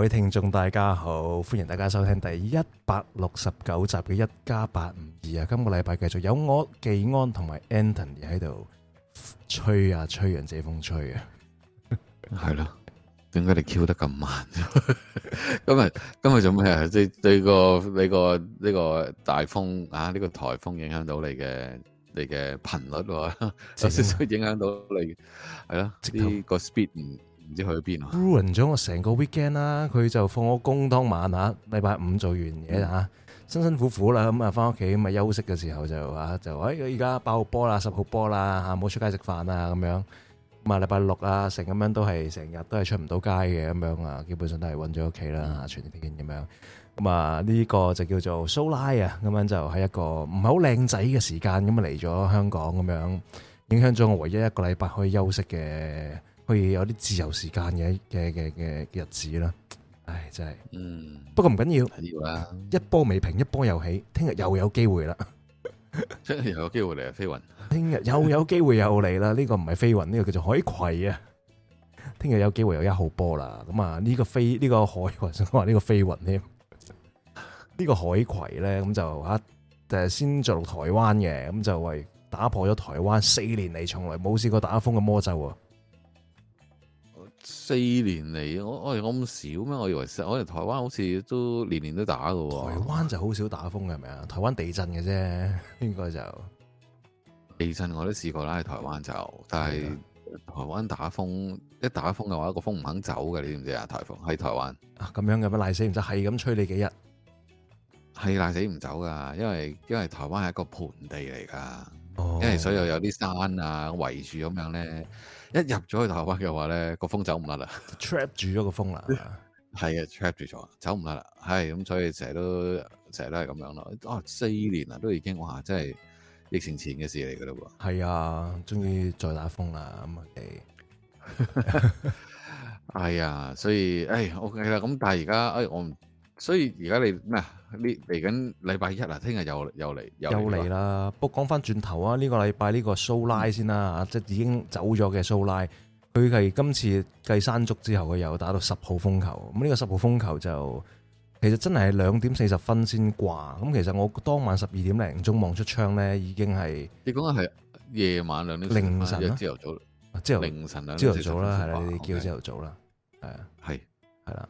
各位聽眾大家好，歡迎大家收聽第一百六十九集嘅一加八唔二啊！52，今個禮拜繼續有我紀安同埋 Anton 而喺度吹啊吹，讓借風吹啊！係 咯，點解你 Q 得咁慢？ 今日今日做咩啊？對對個呢個呢、這個大風啊，呢、這個台風影響到你嘅你嘅頻率、啊，所以、啊、 影響到你係啦，呢通個 speed 唔知去咗邊啊！ruin 咗我成個 weekend 啦，佢就放咗工當晚啊，禮拜五做完嘢啊，嗯、辛辛苦苦啦，咁啊翻屋企咪休息嘅時候就啊就哎，佢而家八號波啦，十號波啦吓，冇出街食飯啊咁樣，咁啊禮拜六啊成咁樣都係成日都係出唔到街嘅，咁樣啊，基本上都係韫咗屋企啦，全 weekend 咁樣，咁啊呢個就叫做蘇拉啊，咁樣就喺一個唔係好靚仔嘅時間咁啊嚟咗香港咁樣，影響咗我唯一一個禮拜可以休息嘅。可以有啲自由時間嘅嘅嘅嘅日子啦。唉，真係。嗯，不過唔緊要，一波未平，一波又起，聽日又有機會啦。聽日又有機會嚟啊！飛雲，聽日又有機會又嚟啦。呢個唔係飛雲，呢個叫做海葵啊。聽日有機會有一號波啦。咁啊，呢個飛呢個海雲想話呢個飛雲添，呢個海葵咧，咁就吓誒，先做台灣嘅，咁就為打破咗台灣四年嚟從來冇試過打風嘅魔咒啊！四年嚟，我我咁少咩？我以為，我哋台灣好似都年年都打噶喎。台灣就好少打風嘅，係咪啊？台灣地震嘅啫，應該就地震，我都試過啦。台灣就，但係台灣打風，一打風嘅話，個風唔肯走嘅，你知唔知啊？台風喺台灣啊，咁樣嘅咩，賴死唔走，係咁吹你幾日，係的賴死唔走噶，因為因為台灣係一個盆地嚟噶。因為所以有啲山啊圍住咁樣咧，一入咗去台北嘅話咧，風不個風走唔甩啦，trap 住咗個風啦，係啊，trap 住咗，走唔甩啦，係咁，所以成日都成日都係咁樣咯。啊，四年啦，都已經哇，真係疫情前嘅事嚟噶咯喎。係啊，終於再打風啦，咁啊、就是，係 啊，所以，哎，OK 啦，咁但係而家，哎，我唔。所以而家你咩吧、這個、啊？你嚟緊禮拜一啊？聽日又又嚟又嚟啦！不過講翻轉頭啊，呢個禮拜呢個蘇拉先啦，即係已經走咗嘅蘇拉，佢係今次繼山竹之後佢又打到十號風球。咁呢個十號風球就其實真係係兩點四十分先掛。咁其實我當晚十二點零鐘望出窗咧，已經係你講嘅係夜晚兩點零鐘朝頭早朝頭凌晨朝頭早啦，係啦，你叫朝頭早啦，係啊，係、啊。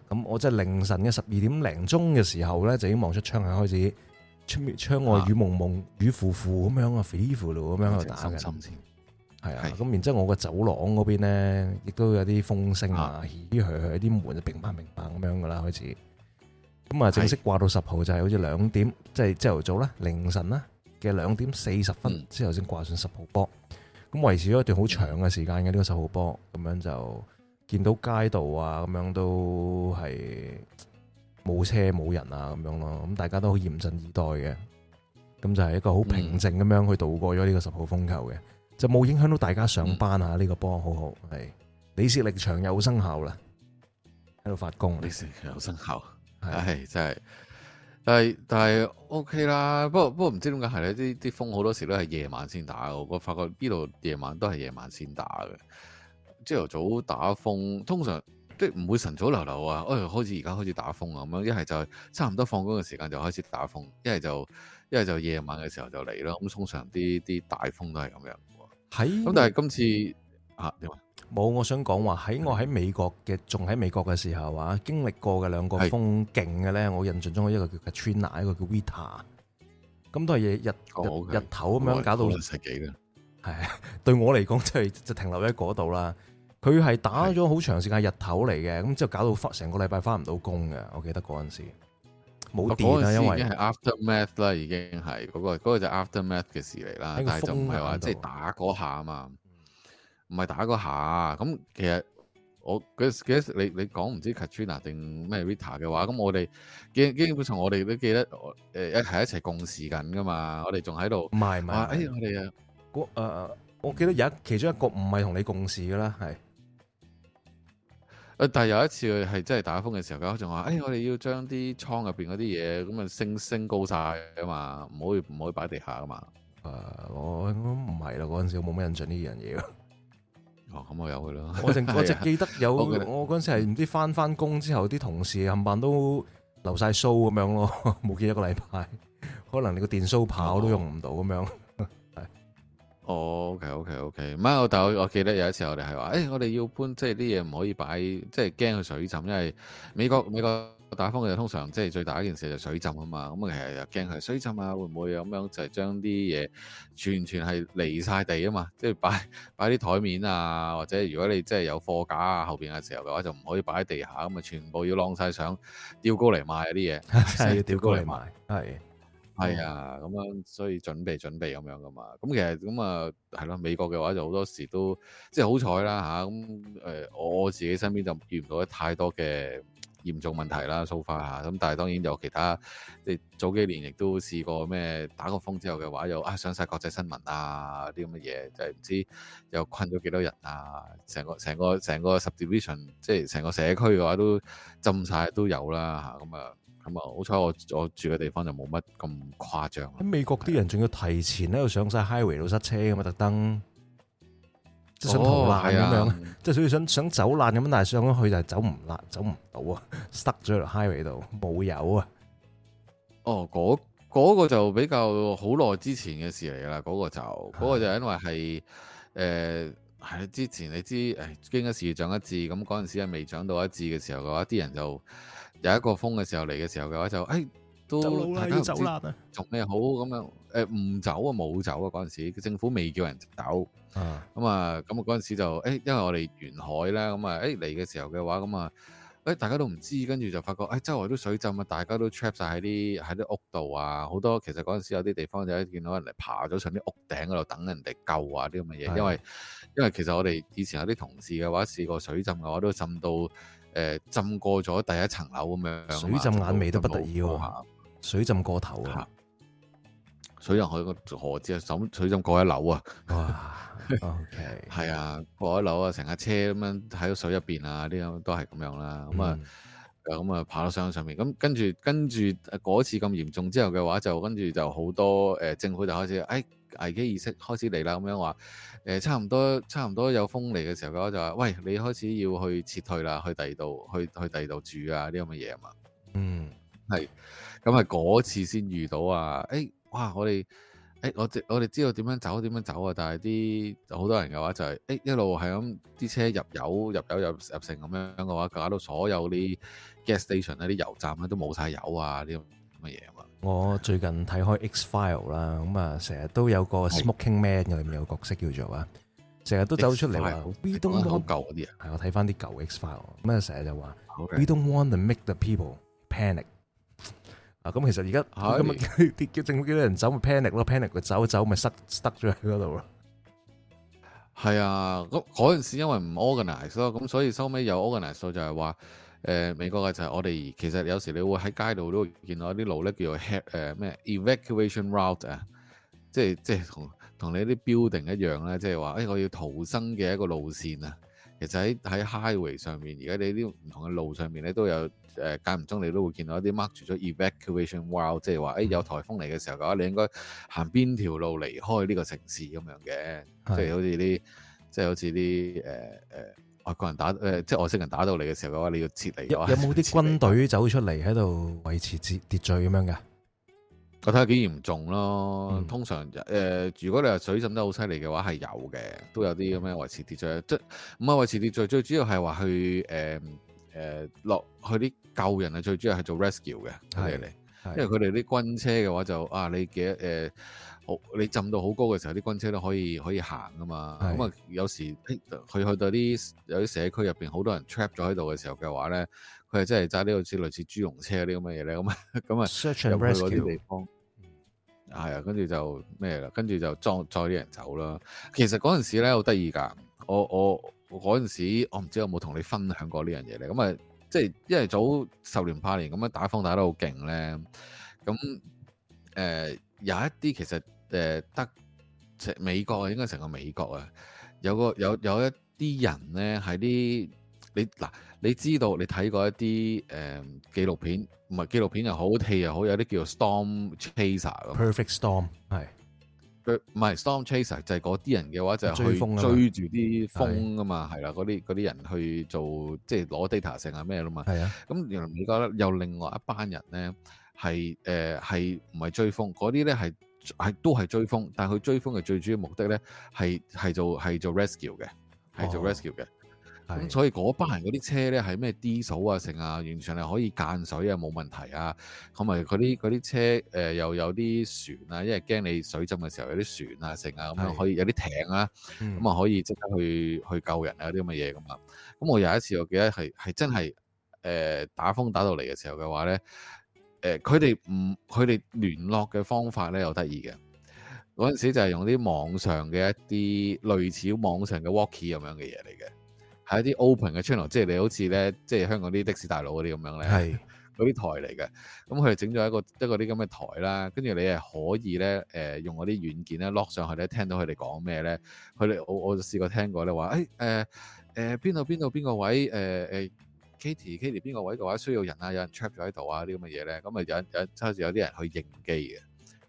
咁我即係凌晨嘅十二點零鐘嘅時候咧，就已經望出窗係開始出窗外雨濛濛，雨糊糊咁樣啊，飛飛落落咁樣喺度打嘅。係啊，咁然之後我個走廊嗰邊咧，亦都有啲風聲啊，噓噓噓，啲門就明白明白咁樣噶啦，開始。咁啊，正式掛到十號就係好似兩點，即係朝頭早啦，凌晨啦嘅兩點四十分，嗯、之後先掛上十號波，咁維持咗一段好長嘅時間嘅呢個十號波，咁樣就。見到街道啊，咁樣都係冇車冇人啊，咁樣咯，咁大家都好嚴陣以待嘅，咁就係一個好平靜咁樣去度過咗呢個十號風球嘅，嗯、就冇影響到大家上班啊！呢、嗯、個波好好，係李氏力場又生效啦，喺度發功，李氏力場又生效，係是真係，但係但係 O K 啦，不過不過唔知點解係呢啲啲風好多時都係夜晚先打，我發覺邊度夜晚都係夜晚先打嘅。朝頭早打風，通常即唔會晨早流流啊，誒、哎、開始而家開始打風啊，咁樣一係就係差唔多放工嘅時間就開始打風，一係就一係就夜晚嘅時候就嚟咯。咁通常啲啲大風都係咁樣。喺咁嗎但係今次啊，冇，我想講話喺我喺美國嘅，仲喺是的 美國嘅時候啊，經歷過嘅兩個風勁嘅咧，是的 我印象中一個叫 Katrina，一個叫 Vita，咁都係日、哦、okay，日日頭咁樣我搞到十幾嘅。係，對我嚟講真係就停留喺嗰度啦。佢係打咗好長時間是日頭嚟嘅，咁之後搞到成個禮拜翻唔到工嘅。我記得嗰陣時冇電，嗰陣時因為，因為已經係 aftermath 啦，已經係嗰、嗰個、嗰個就 aftermath 嘅事嚟啦。個但係就唔係話即係打嗰下啊嘛，唔係、嗯、打嗰下。咁其實我記得你你講唔知 Katrina 定咩 Rita 嘅話，咁我哋基基本上我哋都記得，誒、呃、一係一齊共事緊噶嘛，我哋仲喺度。唔係唔係，我哋啊，我誒、嗯呃，我記得有一其中一個唔係同你共事噶啦，係。但係有一次佢係真係打風嘅時候，佢仲話：，哎，我哋要將啲倉入邊嗰啲嘢，咁啊升升高晒，啊嘛，唔可以唔好去擺地下啊嘛。誒、呃，我我唔係啦，嗰陣時我冇乜印象呢樣嘢。哦，咁、嗯、我有噶啦。 我淨我淨記得有， 我嗰陣時係唔知返返工之後，啲同事冚唪唥都留曬鬚咁樣咯，冇見一個禮拜，可能你個電鬚刨都用唔到咁樣。哦哦，OK，OK，OK，唔係，我、oh, okay, okay, okay。但係我記得有一次我哋係話，誒、欸，我哋要搬，即係啲嘢唔可以擺，即係驚佢水浸，因為美國美國打風嘅通常即係最大一件事就水浸啊嘛，咁啊其實又驚佢水浸啊，會唔會咁樣就係將啲嘢全全係離晒地啊嘛，即係擺擺啲台面啊，或者如果你即係有貨架啊後邊嘅時候嘅話，就唔可以擺喺地下，咁啊全部要晾晒，上吊高嚟賣啲嘢，係要吊高嚟賣，係。係啊，咁樣所以準備準備咁樣㗎嘛，咁其實咁啊係咯，美國嘅話就好多時都即係好彩啦吓，咁、啊嗯、我自己身邊就遇唔到太多嘅嚴重問題啦，so far 咁、啊、但係當然有其他，即係早幾年亦都試過咩打過風之後嘅話，又啊上晒國際新聞啊啲咁嘅嘢，就係、是、唔知又困咗幾多人啊，成個成個成個 subdivision，即係成個社區嘅話都浸晒都有啦吓，咁啊～啊好彩我我住嘅地方就冇乜咁誇張。喺美國啲人仲要提前喺度的上晒 highway 度塞車咁啊，特登即係想逃難咁樣，即係所以想想走難咁，但係上咗去就走唔難，走唔到啊，塞咗喺 highway 度冇油啊。哦，嗰嗰、嗰個就比較好耐之前嘅事嚟啦，嗰、嗰個就嗰的個就因為係誒係之前你知誒、哎、經一事長一智，咁嗰陣時係未長到一智嘅時候嘅話，啲人就。有一個風嘅時候嚟嘅時候嘅話就，誒、哎，都走大家唔知，做咩好咁樣？誒、呃，唔走啊，冇走啊，嗰陣時政府未叫人走。啊、嗯，咁啊，咁啊，嗰陣時就，誒、哎，因為我哋沿海咧，咁啊，誒嚟嘅時候嘅話，咁啊，誒，大家都唔知，跟住就發覺，誒、哎，周圍都水浸啊，大家都 trap 晒喺啲喺啲屋度啊，好多。其實嗰陣時有啲地方就見到人嚟爬咗上啲屋頂嗰度等人哋救啊啲咁嘅嘢，的因為因為其實我哋以前有啲同事嘅話試過水浸嘅話都浸到。誒，浸過咗第一層樓咁樣，水浸眼尾都不得意、啊、浸水浸過頭啊，水入去個河隻手，水浸過一樓啊，哇 ，OK，係啊，過一樓啊，成架車咁樣喺個水入邊啊，呢樣都係咁樣啦，咁啊，咁、嗯、啊,啊,啊，爬到箱上面，咁、啊、跟住跟住嗰次咁嚴重之後嘅話，就跟住就好多誒、呃，政府就開始，誒、哎。危機意識開始嚟啦，咁樣話，誒、欸、差唔多，差唔多有風嚟嘅時候，嗰就話，喂，你開始要去撤退啦，去第二度，去去第二度住啊，呢咁嘅嘢啊嘛。是嗯，係，咁係嗰次先遇到啊，誒、欸，哇，我哋，誒、欸，我我哋知道點樣走，點樣走啊，但係啲好多人嘅話就係、是，誒、欸，一路係咁啲車入油，入油入入城咁樣嘅話，搞到所有啲 gas station 啲油站咧都冇晒油啊，啲咁嘅嘢。我最近睇開 Xfile 啦，咁啊成日都有個 smoking man 入面有個角色叫做啊，成日都走出嚟話 we don't want 嗰啲啊，係我睇翻啲舊 Xfile，咁啊成日就話 we don't want to make the people panic。啊，咁其實而家今日啲政府幾多人走咪 panic 咯？panic 佢走走咪塞塞咗去嗰度咯。係啊，嗰嗰陣時因為唔 organised 咯，咁所以收尾有 organised 就係話。誒、呃、美國嘅就係我哋其實有時你會喺街度都會見到一啲路咧叫做誒咩、呃、evacuation route 啊，即係即係同同你啲 building 一樣咧，即係話誒我要逃生嘅一個路線啊。其實喺喺 highway 上面，而家你啲唔同嘅路上面你都有誒、呃、間唔中你都會見到一啲 mark 住咗 evacuation route，即係話誒有颱風嚟嘅時候嘅話、嗯、你應該行邊條路離開呢個城市咁樣嘅，即係的好似啲即係好似啲誒誒。呃呃外國人打誒、呃，即係外星人打到嚟嘅時候嘅話，你要撤離嘅話，有冇啲軍隊走出嚟喺度維持秩秩序咁樣嘅？我睇下幾嚴重咯。嗯、通常誒、呃，如果你話水浸得好犀利嘅話，係有嘅，都有啲咁樣維持秩序。嗯、即係唔係維持秩序，最主要係話去誒誒落去啲救人啊，最主要係做 rescue 嘅，係嚟是，是因為佢哋啲軍車嘅話就啊，你幾誒。呃你浸到好高嘅時候，啲軍車都可以可以行㗎嘛？咁啊是，有時佢去到啲有啲社區入邊，好多人 trap 咗喺度嘅時候嘅話咧，佢係真係揸呢好似類似豬籠車嗰啲咁嘅嘢咧。咁啊咁啊，入 就 Search 去嗰啲地方，係 and rescue. 啊，跟住就咩啦？跟住就裝載啲人走啦。其實嗰陣時咧好得意㗎。我我嗰陣時，我唔知有冇同你分享過呢樣嘢咧。咁啊，即係因為早十年八年咁樣打風打得好勁咧，咁誒、呃、有一啲其實。誒得美國啊，應該成個美國啊，有個有有一啲人咧，係啲你嗱，你知道你睇過一啲誒紀錄片，唔係紀錄片又好，戲又好，有啲叫做 St Ch Perfect storm chaser，perfect 是 storm，係，唔係 storm chaser 就係嗰啲人嘅話就係去追風啊嘛，追住啲風啊嘛，係啦是，嗰啲啲人去做即係攞 data 剩係咩啦嘛，係啊的，咁原來美國咧有另外一班人咧係誒係唔係追風嗰啲咧係。係都係追風，但係佢追風嘅最主要目的咧，係係做係做 rescue 嘅，係做 rescue 嘅。咁是所以嗰班人嗰啲車咧係咩 D 數啊剩啊，完全係可以間水啊冇問題啊。同埋嗰啲啲車誒又有啲船啊，因為驚你水浸嘅時候有啲船啊剩啊咁樣可以有啲艇啊，咁啊是可以即刻去、嗯、去救人啊啲咁嘅嘢噶嘛。咁我有一次我記得係係真係誒、嗯、打風打到嚟嘅時候嘅話咧。誒佢哋唔佢哋聯絡嘅方法咧又得意嘅，嗰陣時就係用啲網上嘅一啲類似網上嘅 walkie 咁樣嘅嘢嚟嘅，係一啲 open 嘅 channel，即係你好似咧，即係香港啲的、的士大佬嗰啲咁樣咧是，係嗰啲台嚟嘅。咁佢哋整咗一個一個啲咁嘅台啦，跟住你係可以咧誒、呃、用嗰啲軟件咧 lock 上去咧，聽到佢哋講咩咧，佢哋我我就試過聽過咧話誒誒誒邊度邊度邊個位誒誒。Katie，Katie 邊 Katie，個位嘅話需要人啊，有人 trap 咗喺度啊，啲咁嘅嘢咧，咁啊有有即係有啲人去迎機嘅，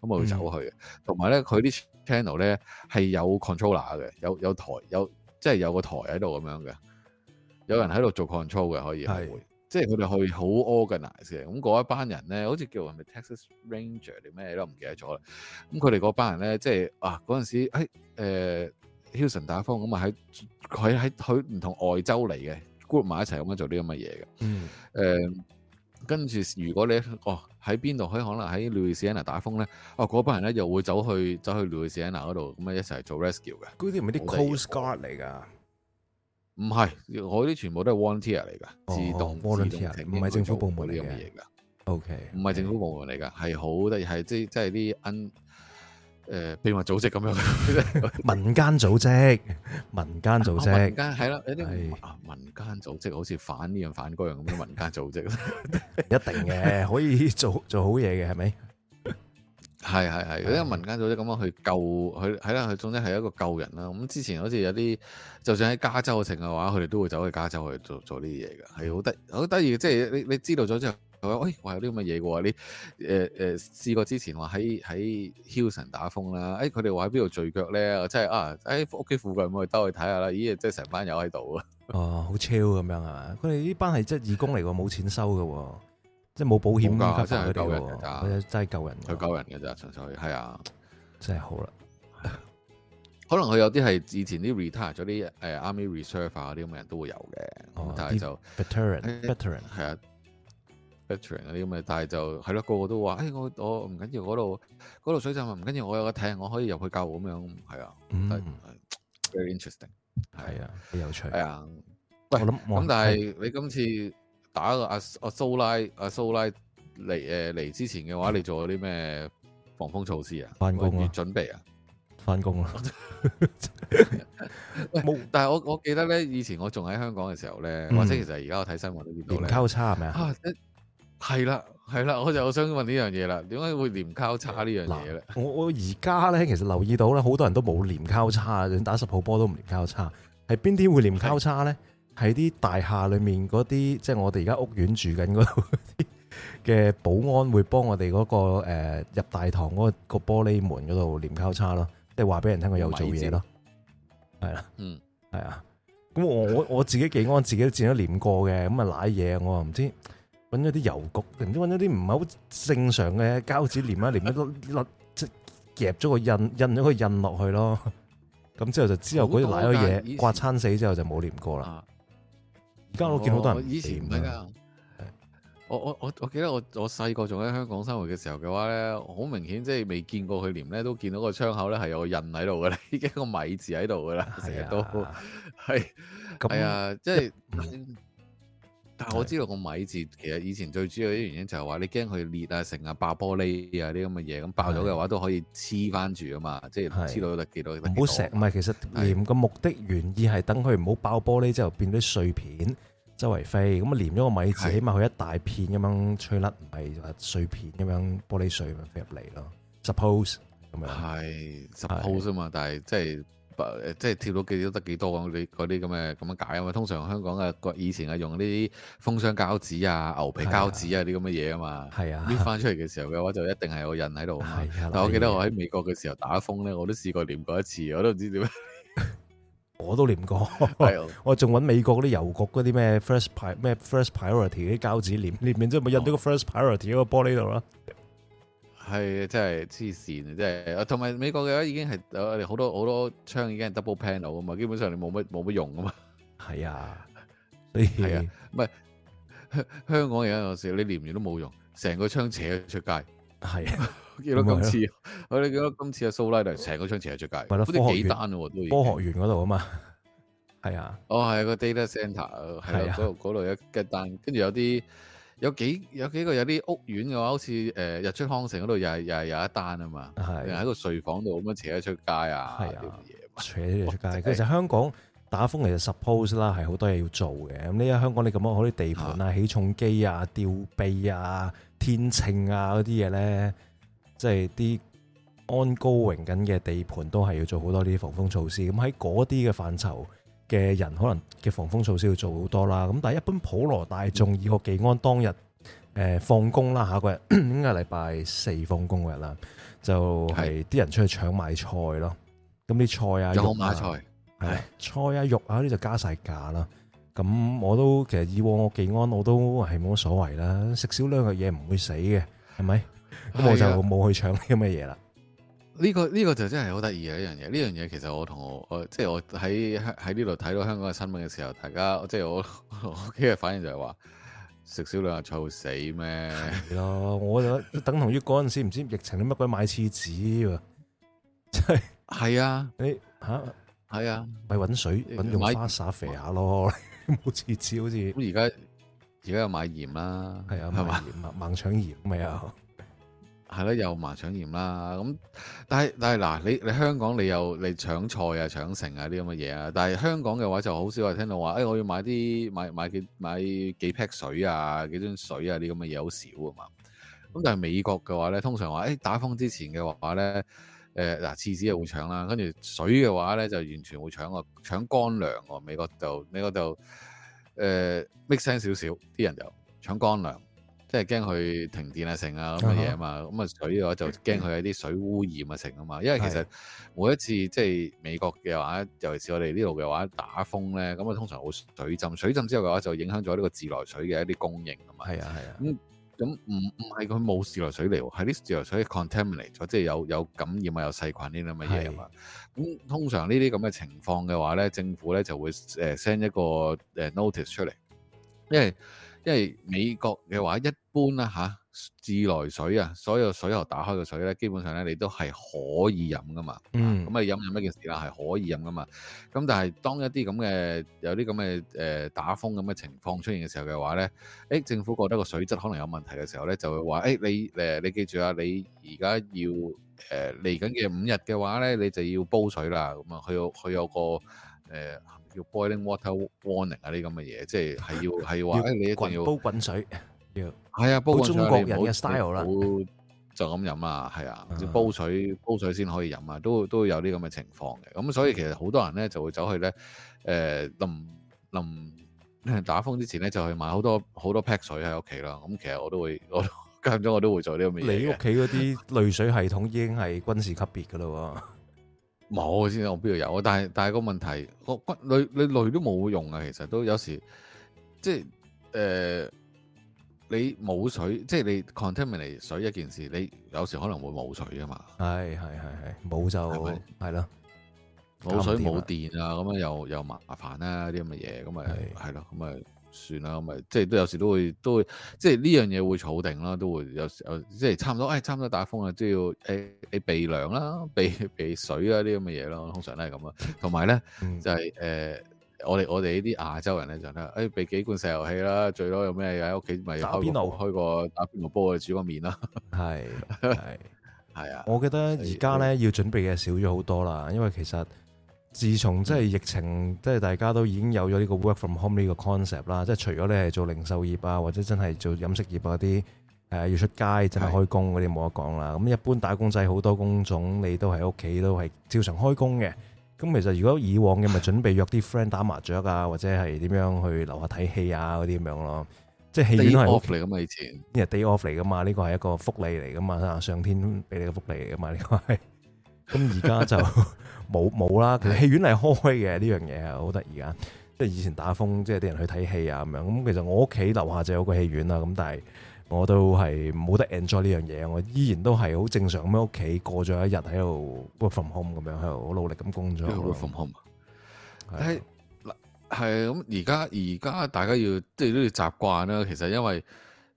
咁我會走去嘅。同埋咧，佢啲 channel 咧係有，有 controller 嘅，有有台有即係、就是、有個台喺度咁樣嘅，有人喺度做 control 嘅可以係，即係佢哋去好 organize 嘅。咁嗰、就是、一班人咧，好似叫係咪 Texas Ranger 定咩都唔記得咗啦。咁佢哋嗰班人咧，即、就、係、是、啊嗰陣時，誒 Houston 打風咁啊，喺佢喺佢唔同外州嚟嘅。group 埋一齊咁樣做啲咁嘅嘢嘅，誒，跟住如果你哦喺邊度，可以可能喺路易斯安那打風咧，哦、oh，嗰班人咧又會走去走去路易斯安那嗰度，咁啊一齊做 rescue 嘅。嗰啲唔係啲 coastguard 嚟㗎，唔係，我啲全部都係 volunteer 嚟㗎，自動 volunteer 唔係政府部門啲咁嘅嘢㗎。O K，唔係政府部門嚟㗎，係好得意，即係即係啲誒，譬如話組織咁樣， 民間組織，民間組織，民間係啦，有啲啊，民間是組織好似反呢樣反嗰樣咁樣，民間組織，一定嘅， 可以做做好嘢嘅，係咪？係係係，有啲是民間組織咁樣去救佢，係啦，佢總之係一個救人啦。咁之前好似有啲，就算喺加州情嘅話，佢哋都會走去加州去做做啲嘢嘅，係好得好得意，即係你你知道咗之後。喂，喂、哎，有啲咁嘅嘢嘅喎，你誒誒試過之前話喺喺 Hilton 打風啦，誒佢哋話喺邊度聚腳咧，即係啊，誒屋企附近咪兜去睇下啦，咦，即係成班友喺度啊！哦，好超咁樣啊！佢哋呢班係即係義工嚟喎，冇錢收㗎，即係冇保險，的的真係救人㗎，真係救人，佢救人嘅咋，純粹係啊，真係好啦。可能佢有啲係以前啲 retire 咗啲誒 army reserve 嗰啲咁嘅人都會有嘅，哦、但係就 veteran veteran 係啊。啲咁嘅，但係就係咯，個個都話：誒，我我唔緊要，嗰度嗰度水浸啊，唔緊要，我有個艇，我可以入去救護咁樣，係啊，very interesting，係啊，好有趣，係啊。喂，咁但係你今次打個阿阿蘇拉阿蘇拉嚟誒嚟之前嘅話，你做咗啲咩防風措施啊？翻工啊？準備啊？翻工啊？冇。但係我我記得咧，以前我仲喺香港嘅時候咧，或者其實而家我睇新聞都見到咧，交叉係咪啊？啊！係啦，係啦，我就好想問呢樣嘢啦，點解會連交叉這件事呢樣嘢咧？我我而家咧，其實留意到咧，好多人都冇連交叉，打十號波都唔連交叉，係邊啲會連交叉咧？喺啲是大廈裏面嗰啲，即、就、係、是、我哋而家屋苑住緊嗰啲嘅住緊嗰度嘅保安會幫我哋嗰個誒入大堂嗰個玻璃門嗰度連交叉咯，即係話俾人聽佢又做嘢咯。係啦晨，了嗯，係啊，咁我我自己幾安，自己都剪咗連過嘅，咁啊瀨嘢，我又唔知道。揾咗啲郵局，唔知揾咗啲唔係好正常嘅膠紙粘 一粘，一粒即係夾咗個印，印咗個印落去咯。咁之後就之後佢瀨咗嘢，刮餐死之後就冇粘過啦。而家我見好我多人唔粘啦。我我我我記得我我細個仲喺香港生活嘅時候嘅話咧，好明顯即係未見過佢粘咧，都見到個窗口咧係有個印喺度嘅啦，已經個米字喺度噶啦，係都係係啊，是嗯、即係。但我知道個米字是其實以前最主要嘅原因就係話你驚佢裂啊、成啊、爆玻璃啊啲咁嘅嘢，咁爆咗嘅話都可以黐翻住啊嘛，是即係黐到得幾多？唔好石唔係，是其實黏個目的原意係等佢唔好爆玻璃之後變咗碎片周圍飛，咁啊黏咗個米字，是起碼佢一大片咁樣吹甩，唔係碎片咁樣玻璃碎咪飛入嚟咯。Suppose 咁樣係 suppose 啊嘛，是但係即係。即係跳到幾多得幾多啊？嗰啲嗰啲咁嘅咁樣解啊嘛。通常香港嘅以前係用嗰啲封箱膠紙啊、牛皮膠紙啊啲咁嘅嘢啊嘛。係啊，搣翻出嚟嘅時候嘅話就一定係個印喺度。但我記得我喺美國嘅時候打風咧，我都試過黏過一次，我都唔知點。我都黏過， 我仲揾美國嗰啲郵局嗰啲咩 first 咩 pri, first priority 啲膠紙黏，裏面即係咪印到個 first priority 喺個玻璃度啦？係真係黐線，真係同埋美國嘅話已經係我好多好多槍已經係 double panel 啊嘛，基本上你冇乜冇乜用啊嘛。係啊，所以係啊，唔係香港有有時候你連完都冇用，成個槍扯咗出街。係啊，見到今次，我哋見到今次阿蘇拉嚟成個槍扯咗出街。咪咯，啲幾單喎都已經，科學園嗰度啊嘛。係啊，哦係個 data centre 係嗰嗰度有幾單，跟住有啲。有幾有幾個有啲屋苑嘅話，好似誒、呃、日出康城嗰度，又係又係有一單啊嘛，又喺的個睡房度咁樣扯咗出街啊，嗰啲扯啲嘢出街。就是、其實香港打風其實 suppose 啦，係好多嘢要做嘅。咁你喺香港，你咁多嗰啲地盤啊、起重機啊、吊臂啊、天秤啊嗰啲嘢咧，即係啲 ongoing 緊嘅地盤都係要做好多啲防風措施。咁喺嗰啲嘅範疇。嘅人可能嘅防風措施要做好多啦，咁但係一般普羅大眾，以我技安當日誒放工啦下，下個日應該係禮拜四放工日啦，就係、是、啲人出去搶買菜咯，咁啲菜啊、的肉買菜係菜啊、的肉啊呢就加晒價啦，咁我都其實以往我技安我都係冇乜所謂啦，食少兩樣嘢唔會死嘅，係咪？咁我就冇去搶啲咩嘢啦。呢、這個呢、這個就真係好得意嘅一樣嘢，呢樣嘢其實我同我，我即係我喺喺呢度睇到香港嘅新聞嘅時候，大家即係我，屋企嘅反應就係話食少兩下菜會死咩？係咯、啊，我就等同於嗰陣時唔知疫情你乜鬼買廁紙喎，即係係啊，你嚇係啊，咪揾、啊、水揾用花灑肥下咯，冇廁紙好似咁，而家而家又買鹽啦，係啊，買鹽，吧盲搶鹽啊，盲搶鹽未啊？係啦，又麻搶鹽啦，咁但係但係嗱，你你香港你又你搶菜啊、搶剩啊啲咁嘅嘢啊，但係香港嘅話就好少係聽到話，誒、哎、我要買啲買買幾買幾 pack 水啊、幾樽水啊啲咁嘅嘢好少啊嘛。咁但係美國嘅話咧，通常話誒、哎、打風之前嘅話咧，誒嗱廁紙又會搶啦、啊，跟住水嘅話咧就完全會搶啊，搶乾糧喎、啊。美國就美國就誒、呃、make 聲少少，啲人就搶乾糧。即係驚佢停電啊、成啊咁嘅嘢啊嘛，咁、huh. 啊水嘅話就驚佢有啲水污染啊、成啊嘛。Huh. 因為其實每一次即係、就是、美國嘅話，尤其是我哋呢度嘅話打風咧，咁啊通常好水浸，水浸之後嘅話就影響咗呢個自來水嘅一啲供應啊嘛。係啊係啊。咁咁唔唔係佢冇自來水嚟喎，係啲自來水 contaminated，即係有有感染啊、有細菌呢啲咁嘅嘢啊嘛。咁、uh huh. 通常呢啲咁嘅情況嘅話咧，政府咧就會誒、呃、send 一個誒、呃、notice 出嚟，因為因為美國嘅話一般啦嚇、啊，自來水啊，所有水喉打開嘅水咧，基本上咧你都係可以飲噶嘛。嗯。咁啊飲飲一件事啦，係可以飲噶嘛。咁但係當一啲咁嘅有啲咁嘅誒打風咁嘅情況出現嘅時候嘅話咧，誒政府覺得個水質可能有問題嘅時候咧，就會話誒你誒、呃、你記住啊，你而家要誒嚟緊嘅五日嘅話咧，你就要煲水啦。咁、嗯、啊，佢有佢有個誒。呃要 boiling water warning 啊，啲咁嘅嘢，即係係要係要話， 要滾、哎、你一定要煲滾水，要係啊煲滾水中國人嘅 style 啦，就咁飲啊，係啊要煲水煲水先可以飲啊，都都有啲咁嘅情況嘅。咁所以其實好多人咧就會走去咧，誒臨臨打風之前咧就去買好多好多 pack 水喺屋企啦。咁其實我都會，我間唔中我都會做呢啲嘢。你屋企嗰啲濾水系統已經係軍事級別嘅啦喎。 冇先，我邊要有啊？但係但係個問題，我骨累你累都冇用啊！其實都有時即係誒、呃，你冇水即係你 contaminate 嚟水一件事，你有時可能會冇水噶嘛。係係係係，冇就係咯，冇吧了水冇電啊！咁樣又了又麻煩啦啲咁嘅嘢，咁咪係咯，咁咪。是算啦，咪即係都有時都會都會即係呢樣嘢會儲定啦，都會有時即係差唔多，哎，差唔多打風啊，都要哎哎備糧啦，備備水啊啲咁嘅嘢咯，通常都係咁啊。同埋咧就係、是、誒、呃，我哋我哋呢啲亞洲人咧就咧、是，哎備幾罐石油氣啦，最多有咩喺屋企咪打邊爐開個打邊爐煲嚟煮個麵啦。係係係啊！我記得而家咧要準備嘅少咗好多啦，因為其實。自從即係疫情，即係大家都已經有咗呢個 work from home 呢個 concept 啦。即係除咗你係做零售業啊，或者真係做飲食業嗰啲誒要出街真係開工嗰啲冇得講啦。咁一般打工仔好多工種，你都喺屋企都係照常開工嘅。咁其實如果以往嘅咪準備約啲 friend 打麻雀啊， 或者係點樣去樓下睇戲啊嗰啲咁樣咯。即係戲院 off 嚟噶嘛，以前因為 day off 嚟噶嘛，呢、呢個係一個福利嚟噶嘛，上天俾你嘅福利嚟噶嘛，呢、呢個係。咁而家就。 冇冇啦，其實戲院係開嘅呢的樣嘢係好得意啊！即係以前打風，即係啲人去睇戲啊咁樣。咁其實我屋企樓下就有個戲院啦。咁但係我都係冇得 enjoy 呢樣嘢，我依然都係好正常咁喺屋企過咗一日喺度 work from home 咁樣喺度好努力咁工作咯。work from home 係，係咁，而家而家大家要即係都要習慣啦。其實因為誒、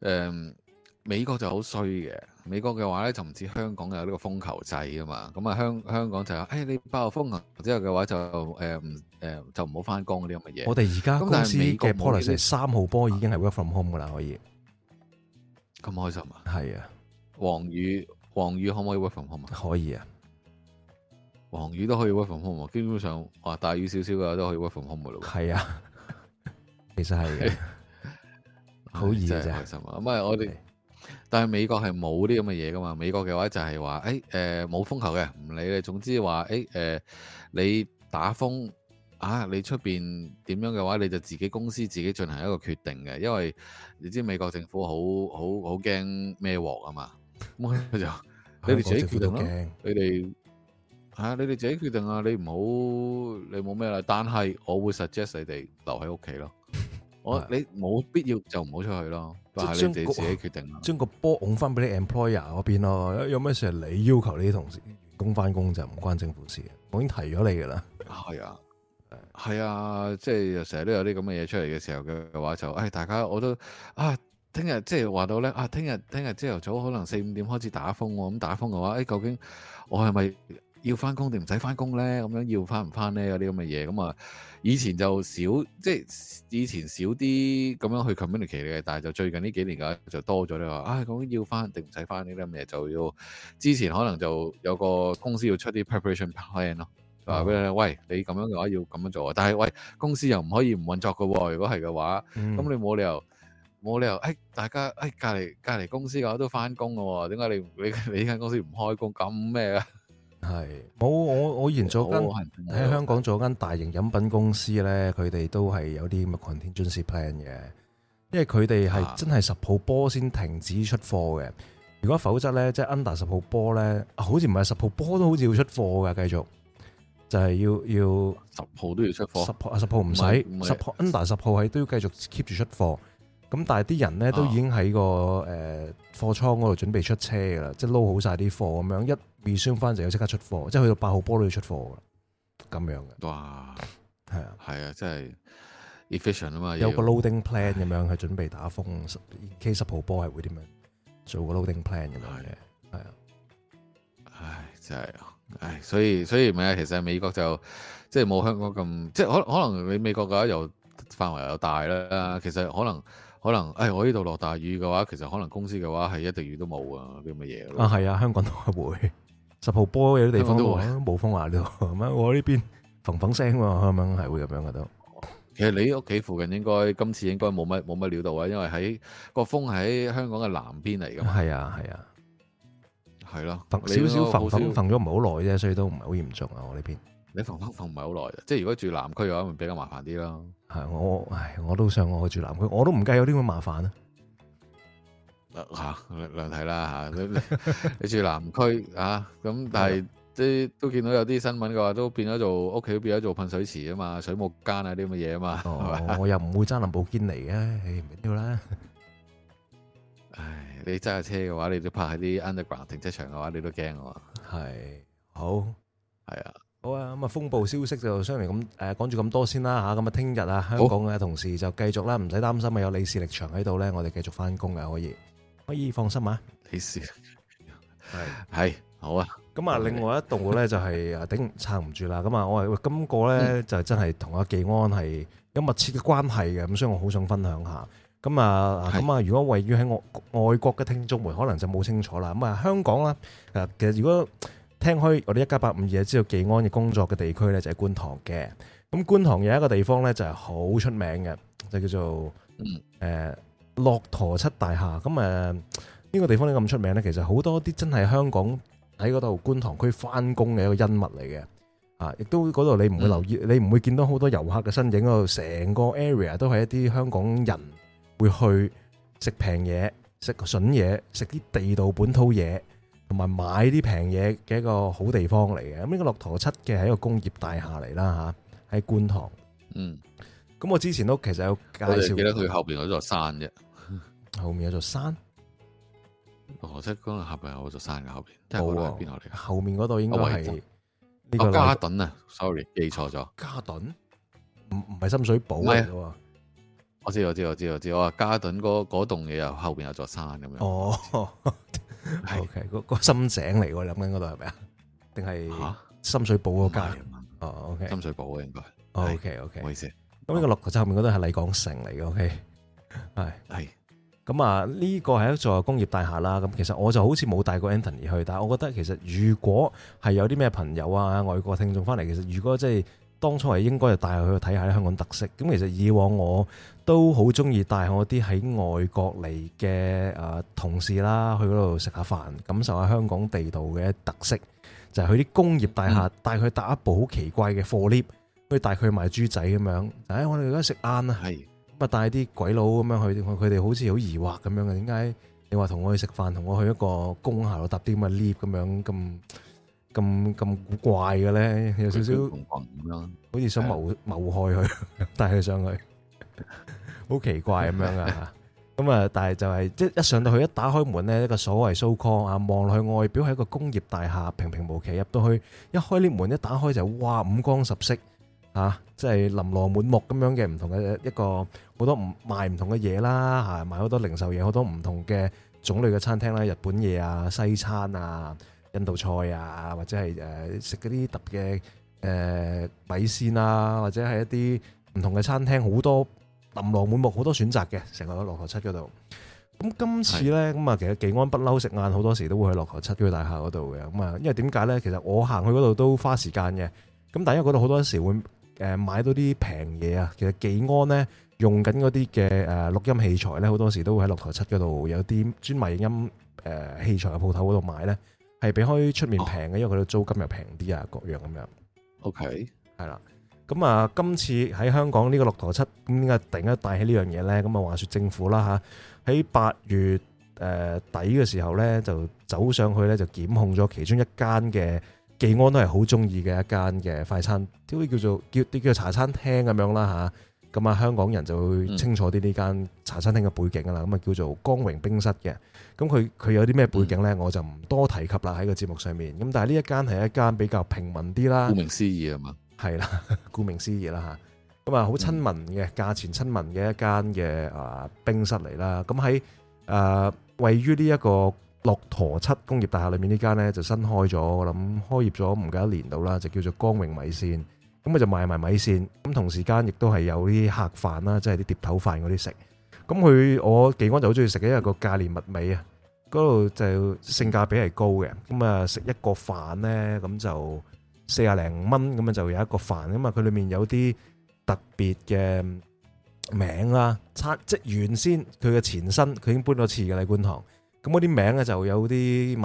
嗯、美國就好衰嘅。美國嘅話咧就唔似香港有呢個風球制啊嘛，咁啊香香港就有、是哎，你爆咗風球之後嘅話就誒唔誒就唔好翻工嗰啲咁嘅嘢。我哋而家公司嘅 policy 三號波已經係 work from home 嘅啦，可以。咁開心啊！係啊，黃雨黃雨可唔可以 work from home 啊？可以啊，黃雨都可以 work from home 啊，基本上話、啊、大雨少少嘅都可以 work from home 啦。係啊，其實係好是易啊，真係開心啊！唔係是我哋。但係美國係冇啲咁嘅嘢噶嘛，美國嘅話就係話，誒誒冇風球嘅，唔理你。總之話，誒、哎、誒、呃、你打風啊，你出邊點樣嘅話，你就自己公司自己進行一個決定嘅，因為你知美國政府好好好驚孭鑊啊嘛。佢就你哋自己決定咯，啊啊，你哋嚇你哋自己決定啊，你唔好你冇咩啦。但係我會 suggest 你哋留喺屋企咯。我你冇必要就唔好出去咯，即係就你自己，自己決定啦。將個波拱翻俾你 employer 嗰邊咯。有咩事你要求你啲同事員工翻工就唔關政府事嘅。我已經提咗你噶啦。係啊，係啊，即係成日都有啲咁嘅嘢出嚟嘅時候嘅話就，誒、哎，大家我都啊，聽日即係話到咧啊，聽日聽日朝頭早可能四五點開始打風，咁打風嘅話，誒、哎，究竟我係咪？要翻工定唔使翻工咧？咁樣要翻唔翻咧？嗰啲咁嘅嘢，咁啊以前就少，即係以前少啲咁樣去 communicate 嘅，但係就最近呢幾年嘅就多咗咧。話啊講要翻定唔使翻啲咁嘢就要，之前可能就有個公司要出啲 preparation plan 咯、嗯，係嘛？喂，你咁樣嘅話要咁樣做，但係喂公司又唔可以唔運作嘅喎、哦。如果係嘅話，咁、嗯、你冇理由冇理由誒、哎，大家誒、哎、隔離隔離公司嘅話都翻工嘅喎，點解你你你呢間公司唔開工咁咩啊？係，我我我以前做間喺好香港做間大型飲品公司咧，佢哋都係有啲咁嘅 contingency Plan 嘅，因為佢哋係真係十號波先停止出貨嘅。如果否則咧，即、就、係、是、under 十號波咧，好似唔係十號波都好似要出貨嘅，繼續就係、是、要要十號都要出貨，十號啊十號唔使，十號 under 十號係都要繼續 keep 住出貨。咁但係啲人咧、啊、都已經喺個誒。呃貨倉嗰度準備出車噶啦，即係撈好晒啲貨咁樣，一 reship 翻就要即刻出貨，即係去到八號波都要出貨噶啦，咁樣嘅。哇，係啊，係啊，即係 efficient 啊嘛，有個 loading plan 咁樣去準備打風，K 十號波係會點樣做個 loading plan 嘅咯，係啊，唉，真係，唉，所以所以唔係，啊，其實美國就即係冇香港咁，即係可可能你美國嘅又範圍又大啦，其實可能。可能，哎，我呢度落大雨嘅話，其實可能公司嘅話係一滴雨都冇啊啲咁嘅嘢啊，係啊，香港都係會十號波有啲地方都冇風啊，呢度、啊啊啊，我呢邊揗揗聲，咁、啊啊、樣係會咁樣嘅都。啊、其實你屋企附近應該今次應該冇乜冇乜料到啊，因為喺個風喺香港嘅南邊嚟嘅。係啊係啊，係咯、啊，是啊、少少揗揗揗咗唔係好耐啫，所以都唔係好嚴重啊我呢邊。你防空防唔係好耐嘅，即係如果住南區嘅話，會比較麻煩啲咯。係我，唉，我都想我去住南區，我都唔計有啲咁嘅麻煩啦。吓、啊，量量睇啦吓。啊、你， 你住南區啊，咁但係啲的都見到有啲新聞嘅話，都變咗做屋企變咗做噴水池啊嘛，水舞間啊啲咁嘅嘢啊嘛。哦、 我又唔會揸林寶堅尼嘅，唔緊要啦。唉，你揸車嘅話，你都泊喺啲 underground 停車場嘅話，你都驚，係，好，係啊。好啊，咁啊，風暴消息就相連咁誒講住咁多先啦嚇，咁啊，聽日啊，香港嘅同事就繼續啦，唔使擔心啊，有李氏力場喺度咧，我哋繼續翻工嘅可以，可以放心啊。李氏係係好啊，咁啊，另外一度咧就係啊頂撐唔住啦，咁啊，我啊，今個咧就真係同阿紀安係有密切嘅關係嘅，咁所以我好想分享下，咁啊，咁啊，如果位於喺外外國嘅聽眾們，可能就冇清楚啦，咁啊，香港啊，誒其實如果。聽開我哋一家八五二知道寄安嘅工作嘅地區咧就係觀塘嘅，咁觀塘有一個地方咧就係好出名嘅，就叫做誒駱駝漆大廈。咁誒呢個地方點咁出名咧？其實好多啲真係香港喺嗰度觀塘區返工嘅一個恩物嚟嘅，啊！亦都嗰度你唔會留意，你唔會見到好多遊客嘅身影嗰度，成個 area 都係一啲香港人會去食平嘢、食筍嘢、食啲地道本土嘢。同埋買啲平嘢嘅一個好地方嚟嘅，咁呢個駱駝漆嘅係一個工業大廈嚟啦吓，喺觀塘。嗯，咁我之前都其實有介紹。我記得佢後邊有座山啫，後面有座山。駱駝漆嗰個後邊有座山嘅後邊冇啦，後邊嚟。後面嗰度應該係呢個嘉、哦、頓啊，sorry 記錯咗。嘉頓唔唔係深水埗嚟嘅。我知我知我知我知，我話嘉頓嗰棟嘢又後邊有座山咁樣。哦，係嗰個深井嚟喎，諗緊嗰度係咪啊？定係深水埗嗰間？哦、啊 oh,，OK，深水埗嘅應該。OK OK，唔是 Okay. 好意思。咁呢個樂購之後面嗰度係麗港城嚟嘅。OK，係係是。咁是啊，呢、呢個係一座工業大廈啦。咁其實我就好似冇帶過 Anthony 去，但係我覺得其實如果係有啲咩朋友啊、外國聽眾翻嚟，其實如果即係。當初係應該係帶佢去睇下香港特色。咁其實以往我都好鍾意帶我啲喺外國嚟嘅誒同事啦，去嗰度食下飯，感受下香港地道嘅特色。就係、是、去啲工業大廈，帶佢搭一部好奇怪嘅貨 lift，不如、嗯、帶佢去賣豬仔咁樣。誒、哎，我哋而家食晏啦，係是。咁啊帶啲鬼佬咁樣去，佢哋好似好疑惑咁樣嘅，點解你話同我去食飯，同我去一個工廈度搭啲咁嘅 lift 咁樣咁？咁咁古怪嘅咧，有少少，好似想謀謀害佢，帶佢上去，好奇怪咁樣噶。咁啊，但係就係即係一上到去，一打開門咧，一個所謂 so call 啊，望落去外表係一個工業大廈，平平無奇。入到去一開呢門，一打開就哇五光十色啊，即係琳琅滿目咁樣嘅唔同嘅一個好多唔賣唔同嘅嘢啦，吓賣好多零售嘢，好多唔同嘅種類嘅餐廳啦，日本嘢啊，西餐啊。印度菜啊，或者係誒食嗰啲特嘅誒、呃、米線啊，或者係一啲唔同嘅餐廳，好多琳琅滿目，好多選擇嘅，成個喺駱駝漆嗰度。咁今次咧，咁啊是的 其實紀安不嬲食晏，好多時都會喺駱駝漆嗰個大廈嗰度嘅。咁啊，因為點解咧？其實我行去嗰度都花時間嘅。咁但係因為嗰度好多時候會誒買到啲平嘢啊。其實紀安咧用緊嗰啲嘅誒錄音器材咧，好多時都會喺駱駝漆嗰度有啲專賣影音誒器材嘅鋪頭嗰度買咧。係比開出面平嘅，因為佢嘅租金又平啲啊，各樣咁樣。O K，係啦，咁啊，今次喺香港呢個駱駝漆，咁點解突然間帶起呢樣嘢咧？咁啊，話說政府啦吓，喺八月誒底嘅時候咧，就走上去咧就檢控咗其中一間嘅技安都係好中意嘅一間嘅快餐，啲叫做叫啲叫茶餐廳咁樣啦吓。咁啊，香港人就會清楚啲呢間茶餐廳嘅背景㗎啦。咁啊、嗯，叫做光榮冰室嘅。咁佢佢有啲咩背景呢？我就唔多提及啦。喺個節目上面，咁但係呢一間係一間比較平民啲啦。顧名思義吖嘛？係啦，顧名思義啦吓，咁啊，好親民嘅、嗯、價錢，親民嘅一間嘅啊冰室嚟啦。咁喺誒位於呢一個駱駝漆工業大廈裏面呢間呢，就新開咗，我諗開業咗唔夠一年度啦，就叫做光榮米線。咁啊就賣埋米線，咁同時間亦都係有啲客飯啦，即係啲碟頭飯嗰啲食。咁佢我技安就好中意食嘅，因為一個價廉物美啊！嗰度就性價比係高嘅。咁啊，食一個飯咧，咁就四廿零蚊，咁啊就有一個飯啊嘛。佢裏面有啲特別嘅名啦，差即係原先佢嘅前身，佢已經搬咗次嘅麗冠堂。咁嗰啲名咧就有啲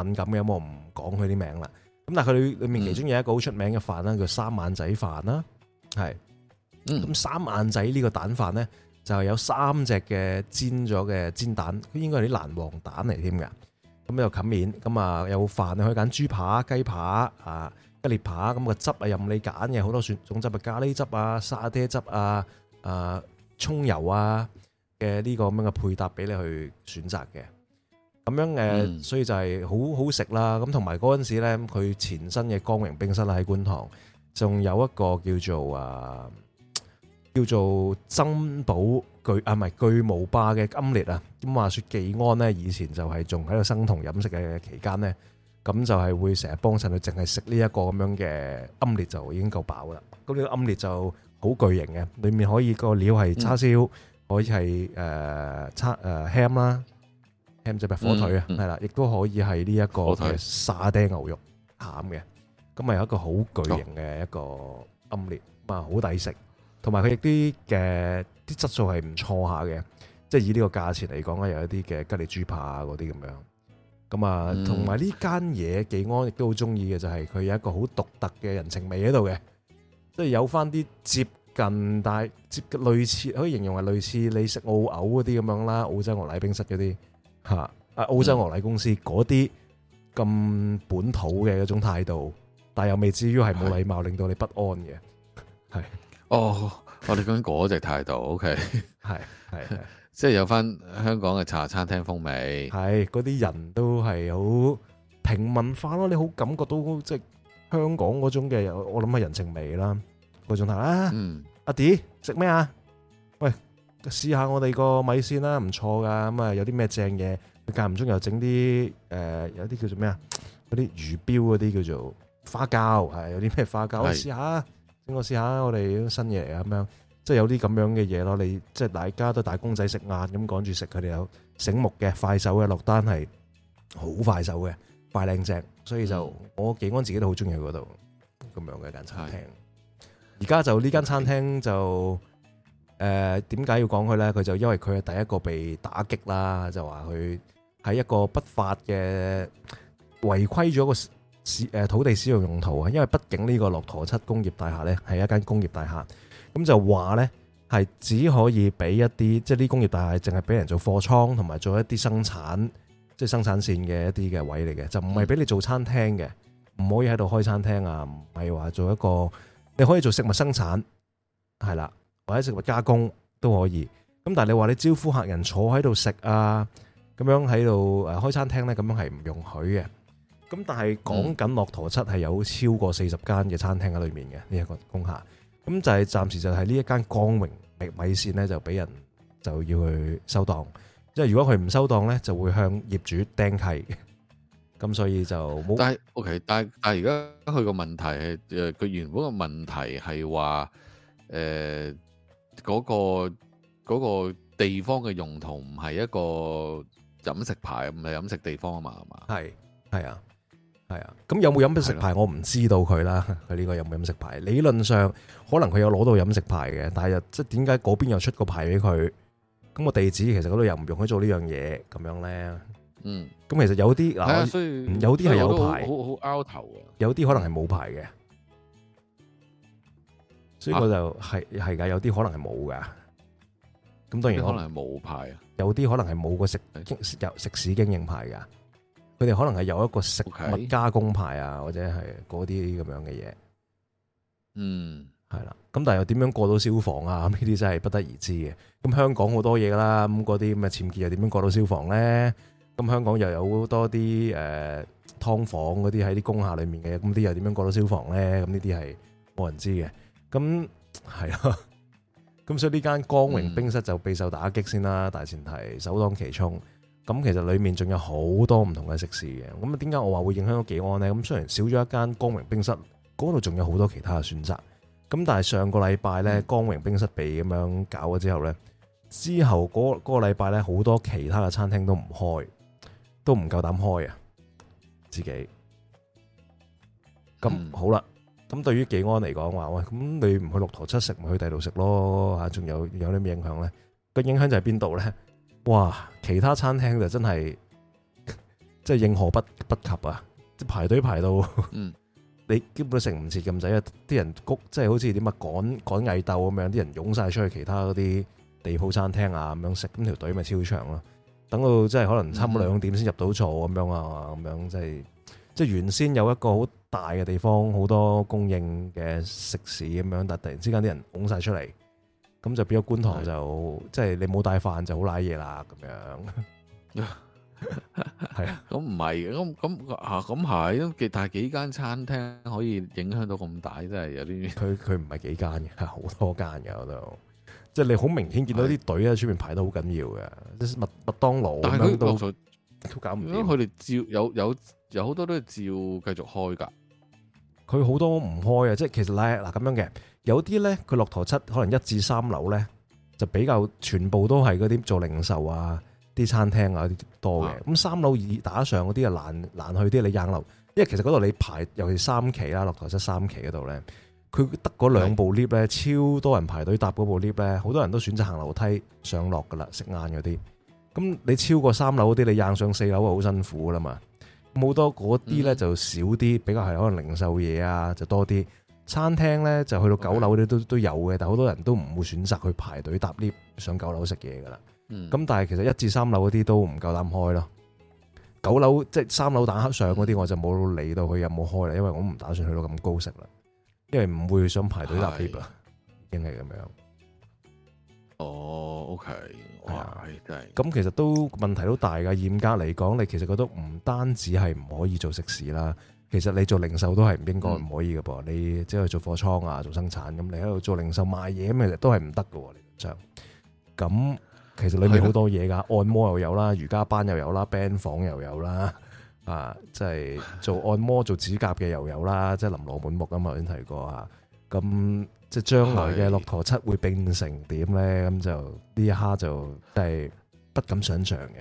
敏感嘅，有冇唔講佢啲名啦？咁但係佢裏面其中有一個好出名嘅飯啦，叫三眼仔飯啦，係。嗯。咁三眼仔呢個蛋飯咧？就係有三隻嘅煎咗嘅煎蛋，應該係啲蘭黃蛋嚟添㗎。咁又冚面，咁啊有飯，你可以揀豬扒、雞扒啊、吉列扒。咁個汁啊任你揀嘅，好多選種汁啊，咖喱汁啊、沙爹汁啊、啊葱油啊嘅呢個咁樣嘅配搭俾你去選擇嘅。咁樣誒，嗯、所以就係好好食啦。咁同埋嗰陣時咧，佢前身嘅光榮冰室啦喺觀塘，仲有一個叫做啊。叫做珍寶巨啊，唔係巨無霸嘅奄列啊！咁話說，紀安咧以前就係仲喺度生酮飲食嘅期間咧，咁就係會成日幫襯佢，淨係食呢一個咁樣嘅奄列就已經夠飽啦。咁呢個奄列就好巨型嘅，裏面可以個料係叉燒，可以係誒叉誒 ham 啦，ham 即係火腿啊，係啦，亦都可以係呢一個沙爹牛肉餡嘅。咁咪有一個好巨型嘅一個奄列啊，好抵食。同埋佢亦啲嘅啲質素係唔錯下嘅，即係以呢個價錢嚟講咧，有一啲嘅吉列豬扒嗰啲咁樣。咁啊，同埋呢間嘢幾安亦都好中意嘅，就係、是、佢有一個好獨特嘅人情味喺度嘅，即係有翻啲接近，但係接近類似，可以形容係類似你食澳牛嗰啲咁樣啦，澳洲牛奶冰室嗰啲嚇，啊澳洲牛奶公司嗰啲咁本土嘅一種態度，但係又未至於係冇禮貌，是令到你不安嘅，係。哦，我哋講緊嗰隻態度 ，OK，係係， 即係有返香港嘅茶餐廳風味，係嗰啲人都係好平民化咯，你好感覺到即係、就是、香港嗰種嘅，我諗係人情味啦，嗰種係啦，啊嗯、阿迪食咩啊？喂，試下我哋個米線啦，唔錯㗎，咁啊有啲咩正嘢，間唔中又整啲、呃、有啲叫做咩啊？嗰啲魚標嗰啲叫做花膠，係有啲咩花膠，是試下。我試下我哋新嘢嚟啊，咁樣即係有啲咁樣嘅嘢咯。你即係大家都打工仔食晏咁趕住食，佢哋有醒目嘅、快手嘅落單係好快手嘅、快靚正，所以就、嗯、我幾安自己都好中意去嗰度咁樣嘅一間餐廳。而家是的 就呢間餐廳就誒點解要講佢咧？佢就因為佢係第一個被打擊啦，就話佢喺一個不法嘅違規咗個。土地使用用途啊，因為畢竟呢個駱駝漆工業大廈咧係一間工業大廈，咁就話呢係只可以俾一啲即係啲工業大廈淨係俾人做貨倉同埋做一啲生產即係生產線嘅一啲嘅位嚟嘅，就唔係俾你做餐廳嘅，唔可以喺度開餐廳啊，唔係話做一個你可以做食物生產係啦，或者食物加工都可以，咁但係你話你招呼客人坐喺度食啊，咁樣喺度誒開餐廳呢，咁樣係唔容許嘅。咁但係講緊駱駝漆係有超過四十間嘅餐廳喺裏面嘅呢一個工廈，咁就係暫時就係呢一間光榮米線咧就俾人就要去收檔，即係如果佢唔收檔咧，就會向業主釘契。咁 所以就冇、okay。但係 OK，但係但係而家佢個問題係誒佢原本個問題係話誒嗰個地方嘅用途唔係一個飲食牌，唔係飲食地方係係係啊嘛，係嘛？係係啊。係啊，咁有冇飲食牌？我唔知道佢啦，佢呢、嗯、 個有冇飲食牌？理論上可能佢有攞到飲食牌嘅，但係又即係點解嗰邊又出個牌俾佢？咁個地址其實嗰度又唔容許做呢樣嘢，咁樣咧？嗯，咁其實有啲嗱、嗯，有啲係有牌，好好拗頭啊！有啲可能係冇牌嘅，所以我就係係噶，有啲可能係冇噶。咁當然可能係冇牌啊，有啲可能係冇個食，食，食市經有食肆經營牌噶。佢哋可能係有一個食物加工牌啊，或者係嗰啲咁樣嘅嘢、嗯，嗯，係啦。咁但係又點樣過到消防啊？呢啲真係不得而知嘅。咁香港好多嘢㗎啦，咁嗰啲咁嘅僭建又點樣過到消防咧？咁香港又有好多啲誒劏房嗰啲喺啲工廈裏面嘅，咁啲又點樣過到消防咧？咁呢啲係冇人知嘅。咁係咯，咁所以呢間光榮冰室就備受打擊先啦。嗯、大前提首當其衝。咁其實裏面仲有好多唔同嘅食肆嘅，咁啊點解我話會影響到紀安呢？咁雖然少咗一間光榮冰室，嗰度仲有好多其他嘅選擇。咁但係上個禮拜呢，光榮冰室被咁樣搞咗之後呢，之後嗰嗰個禮拜呢，好多其他嘅餐廳都唔開，都唔夠膽開啊！自己咁好啦。咁對於紀安嚟講話喂，咁你唔去六七食，咪去第度食咯嚇？仲有有啲咩影響呢？個影響就係邊度呢？哇！其他餐廳就真係即係應何不不及啊！排隊排到，嗯、 你基本食唔切咁滯啊！啲人谷即係好似點啊趕趕蟻鬥咁樣，啲人湧晒出去其他嗰啲地鋪餐廳啊咁樣食，咁條隊咪超長咯，啊！等到即係可能差唔多兩點先入到座咁樣啊，咁樣即係即係原先有一個好大嘅地方，好多供應嘅食肆咁樣，但突然之間啲人湧晒出嚟。咁就變咗觀塘就，的即係你冇帶飯就好賴嘢啦，咁樣係啊？咁唔係嘅，咁咁啊，咁係，咁幾但係幾間餐廳可以影響到咁大，真係有啲佢佢唔係幾間嘅，好多間嘅我都，即係你好明顯見到啲隊喺出的面排得好緊要嘅，麥麥當勞咁樣都，因為都搞唔掂。佢哋照有有有好多都照繼續開㗎。佢好多唔開啊！即係其實咧，嗱咁樣嘅，有啲咧佢駱駝漆可能一至三樓咧就比較全部都係嗰啲做零售啊、啲餐廳啊啲多嘅。咁、啊、三樓以打上嗰啲啊難難去啲，你硬樓，因為其實嗰度你排，尤其三期啦，駱駝漆三期嗰度咧，佢得嗰兩部 lift 咧，是的 超多人排隊搭嗰部 lift 咧，好多人都選擇行樓梯上落噶啦，食晏嗰啲。咁你超過三樓嗰啲，你硬上四樓啊，好辛苦噶啦嘛。冇多嗰啲咧就少啲，比較係可能零售嘢啊就多啲。餐廳咧就去到九樓嗰啲都都有嘅，Okay. 但好多人都唔會選擇去排隊搭 lift 上九樓食嘢噶啦。咁、mm. 但係其實一至三樓嗰啲都唔夠膽開咯。九樓即係三樓打黑上嗰啲，我就冇理到佢有冇開啦，因為我唔打算去到咁高食啦，因為唔會想排隊搭 lift 啦，應係咁樣。哦、oh，OK，哇，真係咁，其實都問題都大噶。嚴格嚟講，你其實覺得唔單止係唔可以做食肆啦，其實你做零售都係唔應該唔可以嘅噃。嗯、你即係做貨倉啊，做生產咁，你喺度做零售賣嘢咁，其實都係唔得噶。你將咁，其實裏面好多嘢噶，的按摩又有啦，瑜伽班又有啦 ，band 房又有啦，啊，即、就、係、是、做按摩做指甲嘅又有啦，即、就、係、是、琳琅滿目啊嘛，已經提過啊，咁。即係將來嘅駱駝漆會變成點呢？咁是就呢一刻就係不敢想像嘅。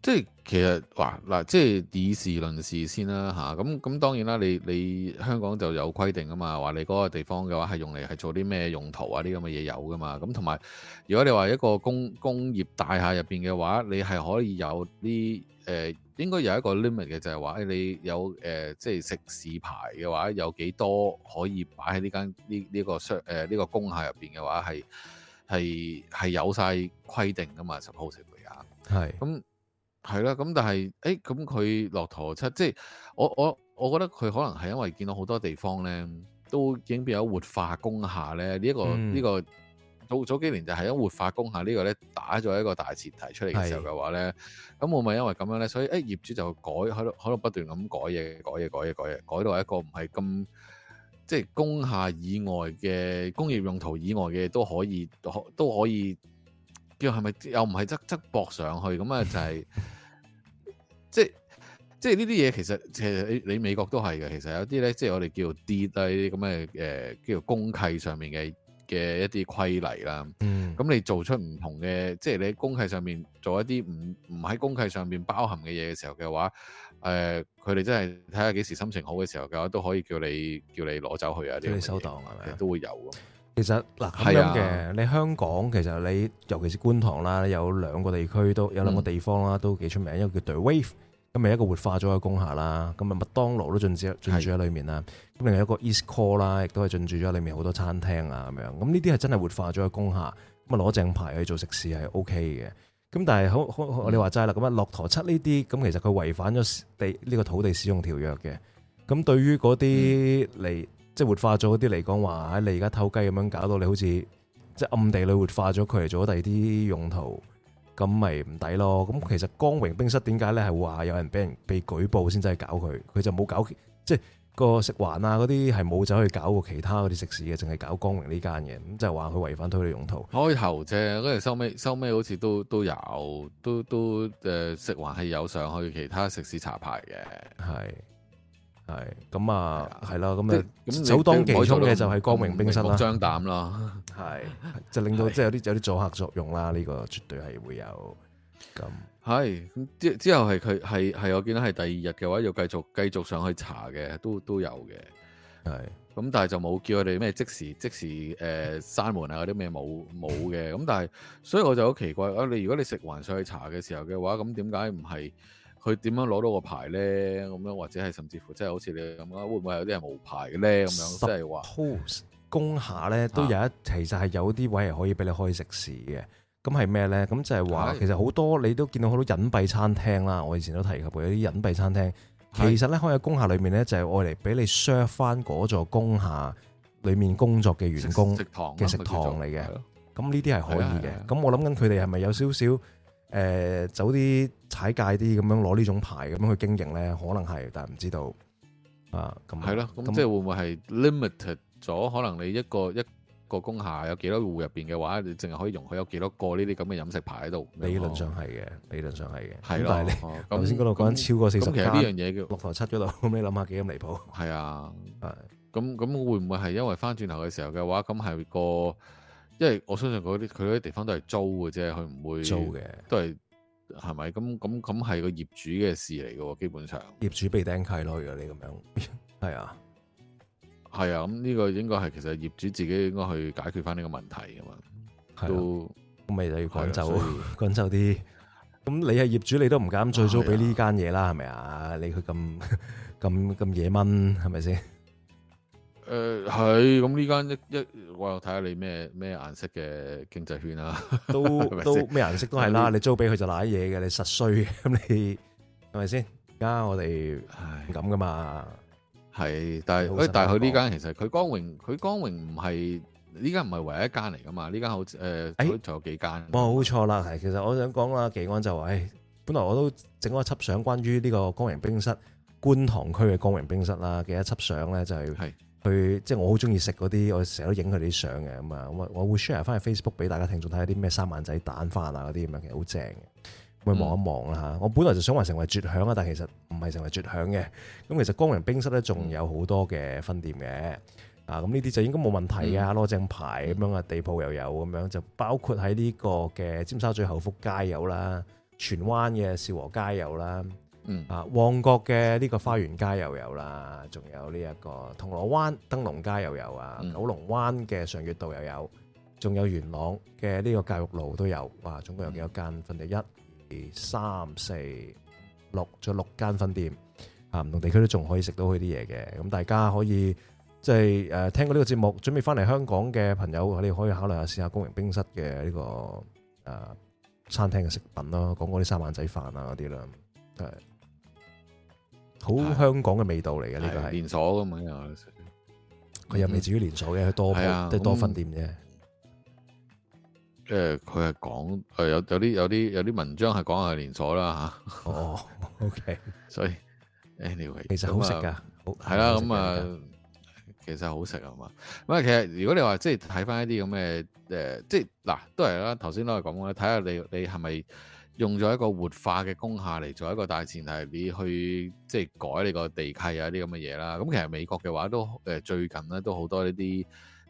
即係其實話嗱，即係以事論事先啦吓，咁、啊、咁當然啦，你你香港就有規定啊嘛，話你嗰個地方嘅話係用嚟係做啲咩用途啊？啲咁嘅嘢有噶嘛？咁同埋如果你話一個工工業大廈入邊嘅話，你係可以有啲誒。呃應該有一個 limit 嘅，就係話誒，你有誒、呃，即係食市牌嘅話，有幾多可以擺喺呢間呢呢個商誒呢個工廈入邊嘅話，係係係有晒規定噶嘛，十鋪食攰啊。係咁係啦，咁但係誒，咁佢駱駝漆，即係我我我覺得佢可能係因為見到好多地方咧，都已經變咗活化工廈咧，呢一個呢個。嗯到早，早幾年就係一活化工廈呢個咧打咗一個大前提出嚟嘅時候嘅話咧，咁我咪因為咁樣咧，所以誒、欸、業主就改，喺度不斷咁改嘢，改嘢，改嘢，改嘢，改到一個唔係咁即係工廈以外嘅工業用途以外嘅都可以，都可以叫係咪又唔係側側膊上去咁啊？就係、是、 即即係呢啲嘢其實其實你你美國都係嘅，其實有啲咧即係我哋叫跌低呢啲咁嘅誒叫工契上面嘅。嘅一啲規例啦，咁、嗯、你做出唔同嘅，即、就、係、是、你喺公契上面做一啲唔唔喺公契上面包含嘅嘢嘅時候嘅話，誒、呃，佢哋真係睇下幾時心情好嘅時候嘅話，都可以叫你叫你攞走去啊，叫你，你收檔係咪？都會有咯、啊啊。其實嗱咁樣嘅，你香港其實你尤其是觀塘啦，有兩個地區都有兩個地方啦，都幾出名，嗯、一個叫 The Wave 咁咪一個活化咗嘅工廈啦，咁啊麥當勞都進駐喺裏面啦，咁是的 另外一個 East Core 啦，亦都係進駐咗裏面好多餐廳啊咁樣，咁呢啲係真係活化咗嘅工廈，咁啊攞正牌去做食肆係 OK 嘅，咁但係好好，好，好你話齋啦，咁啊駱駝漆呢啲，咁其實佢違反咗地呢、呢個土地使用條約嘅，咁對於嗰啲嚟即係活化咗嗰啲嚟講話喺你而家偷雞咁樣搞到你好似即暗地裏活化咗佢嚟做第二啲用途。咁咪唔抵咯？咁其實光榮冰室點解咧，係話有人俾人被舉報先真係搞佢，佢就冇搞。即係個食環啊嗰啲係冇走去搞過其他嗰啲食肆嘅，淨係搞光榮呢間嘢。咁就話、係、佢違反土地用途。開頭啫，跟住收尾收尾好似都都有，都都誒食環係有上去其他食肆查牌嘅，係。係咁啊，係啦，咁啊，首當其衝嘅就係光明正大張膽啦，係是， 就令到即係、啊、有啲有啲阻嚇作用啦，呢、這個絕對係會有，咁係，之之後係佢係係我見到係第二日嘅話要繼，要繼續繼續上去查嘅，都都有嘅，係是，咁但係就冇叫佢哋咩即時即時誒閂、呃、門啊嗰啲咩冇冇嘅，咁 但係所以我就好奇怪啊，你如果你食環上去查嘅時候嘅話，咁點解唔係？佢點樣攞到個牌咧？咁樣或者係甚至乎即係好似你咁啊，會唔會係有啲係無牌嘅咧？咁樣即係話，工廈咧都有一，其實係有啲位係可以俾你開食肆嘅。咁係咩咧？咁就係話，其實好多你都見到好多隱蔽餐廳啦。我以前都提及過有啲隱蔽餐廳，其實咧喺個工廈裏面咧就係愛嚟俾你 serve 翻嗰座工廈裏面工作嘅員工嘅食堂嚟嘅。咁呢啲係可以嘅。咁我諗緊佢哋係咪有少少？誒走啲踩界啲咁樣攞呢種牌咁樣去經營咧，可能係，但唔知道啊。咁係咯，咁即係會唔會係 limit 咗？可能你一個一個工廈有幾多戶入面嘅話，你淨係可以容許有幾多個呢啲咁嘅飲食牌喺度？理論上係嘅，啊、理論上係嘅。係咯的，頭先嗰度講緊超過四十間。咁其實呢樣嘢叫六頭七嗰度，你諗下幾咁離譜？係的啊，係。咁咁會唔會係因為翻轉頭嘅時候嘅話，咁係個？因為我相信佢啲佢啲地方都係租嘅啫，佢唔會租嘅的，都係係咪咁咁咁係個業主嘅事嚟嘅喎，基本上業主被釘契咯。你咁樣係啊係啊，咁呢、啊嗯呢個應該係其實業主自己應該去解決翻呢個問題嘅嘛，都咁咪、啊、就要趕走，趕、啊、走啲，咁你係業主，你都唔敢再租俾呢間嘢啦、啊，係咪啊？你佢咁咁咁野蠻，係咪先？誒係，咁呢間一一，我又睇下你咩咩顏色嘅經濟圈啊？都都咩顏 色都係啦，是你租俾佢就瀨嘢嘅，你實衰嘅，咁你係咪先？而家我哋係咁噶嘛？係，但係難但係佢呢間其實佢光榮，佢光榮唔係呢間唔係唯一一間嚟噶嘛？呢間好似，誒、呃，仲、欸、有幾間、哦？冇錯啦，係。其實我想講啊，紀安就話，誒、哎，本來我都整咗一輯相關於呢個光榮冰室，觀塘區嘅光榮冰室啦，嘅一輯相咧就係、是。是佢即係我好中意食嗰啲，我成日都影佢哋啲相嘅咁啊，我會 share 翻去 Facebook 俾大家聽眾睇下啲咩三萬仔蛋飯啊嗰啲咁樣，其實好正嘅，去望一望啦嚇。嗯、我本來就想話成為絕響啊，但係其實唔係成為絕響嘅。咁其實光明冰室咧仲有好多嘅分店嘅、嗯、啊，咁呢啲就應該冇問題嘅，攞、嗯、正牌咁樣啊，地鋪又有咁樣，就包括喺呢個嘅尖沙咀後福街有啦，荃灣嘅兆和街有啦。嗯啊，旺角嘅呢個花園街又有啦，仲有呢一個銅鑼灣登龍街又有啊，九龍灣嘅常悅道又有，仲有元朗嘅呢個教育路都有。哇，總共有幾多間分店？一、二、三、四、六，總共六間分店。啊，唔同地區都仲可以食到佢啲嘢嘅。咁大家可以即係誒聽過呢個節目，準備翻嚟香港嘅朋友，你可以考慮一下試下公營冰室嘅呢、呢個誒、呃、餐廳嘅食品咯，講嗰啲三眼仔飯啊嗰啲啦，係。好香港嘅味道嚟嘅呢個係連鎖咁樣啊，佢又未至於連鎖嘅，佢多即係多分店啫。即係佢係講誒，有有啲有啲有啲文章係講係連鎖啦吓。哦，OK，所以 anyway，其實好食噶，好係啦，咁啊，其實好食啊嘛。咁啊，其實如果你話即係睇翻一啲咁嘅誒，即係嗱都係啦。頭先都係講嘅，睇下你你係咪？用咗一個活化嘅工廈嚟做一個大前提，你去即係改你個地契啊，啲咁嘅嘢啦。咁其實美國嘅話都誒最近咧都好多呢啲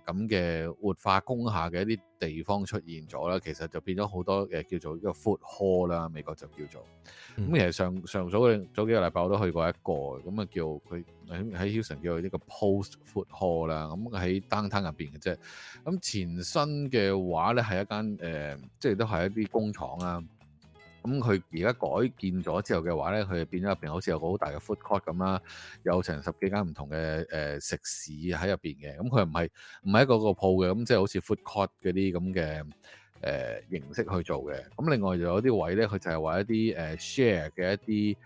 咁嘅活化工廈嘅一啲地方出現咗啦。其實就變咗好多誒叫做一個 food hall 啦，美國就叫做咁。嗯、其實上上早早幾個禮拜我都去過一個咁啊，叫佢喺 Houston 叫呢個 post food hall 啦。咁喺 Downtown 入邊嘅啫。咁前身嘅話咧係一間誒、呃，即係都係一啲工廠啦。咁佢而家改建咗之後嘅話咧，佢變咗入面好似有個好大嘅 food court 咁啦，有成十幾間唔同嘅誒食肆喺入面嘅。咁佢唔係唔係一個個鋪嘅，咁即係好似 food court 嗰啲咁嘅誒形式去做嘅。咁另外就有啲位咧，佢就係話一啲誒 share 嘅一啲。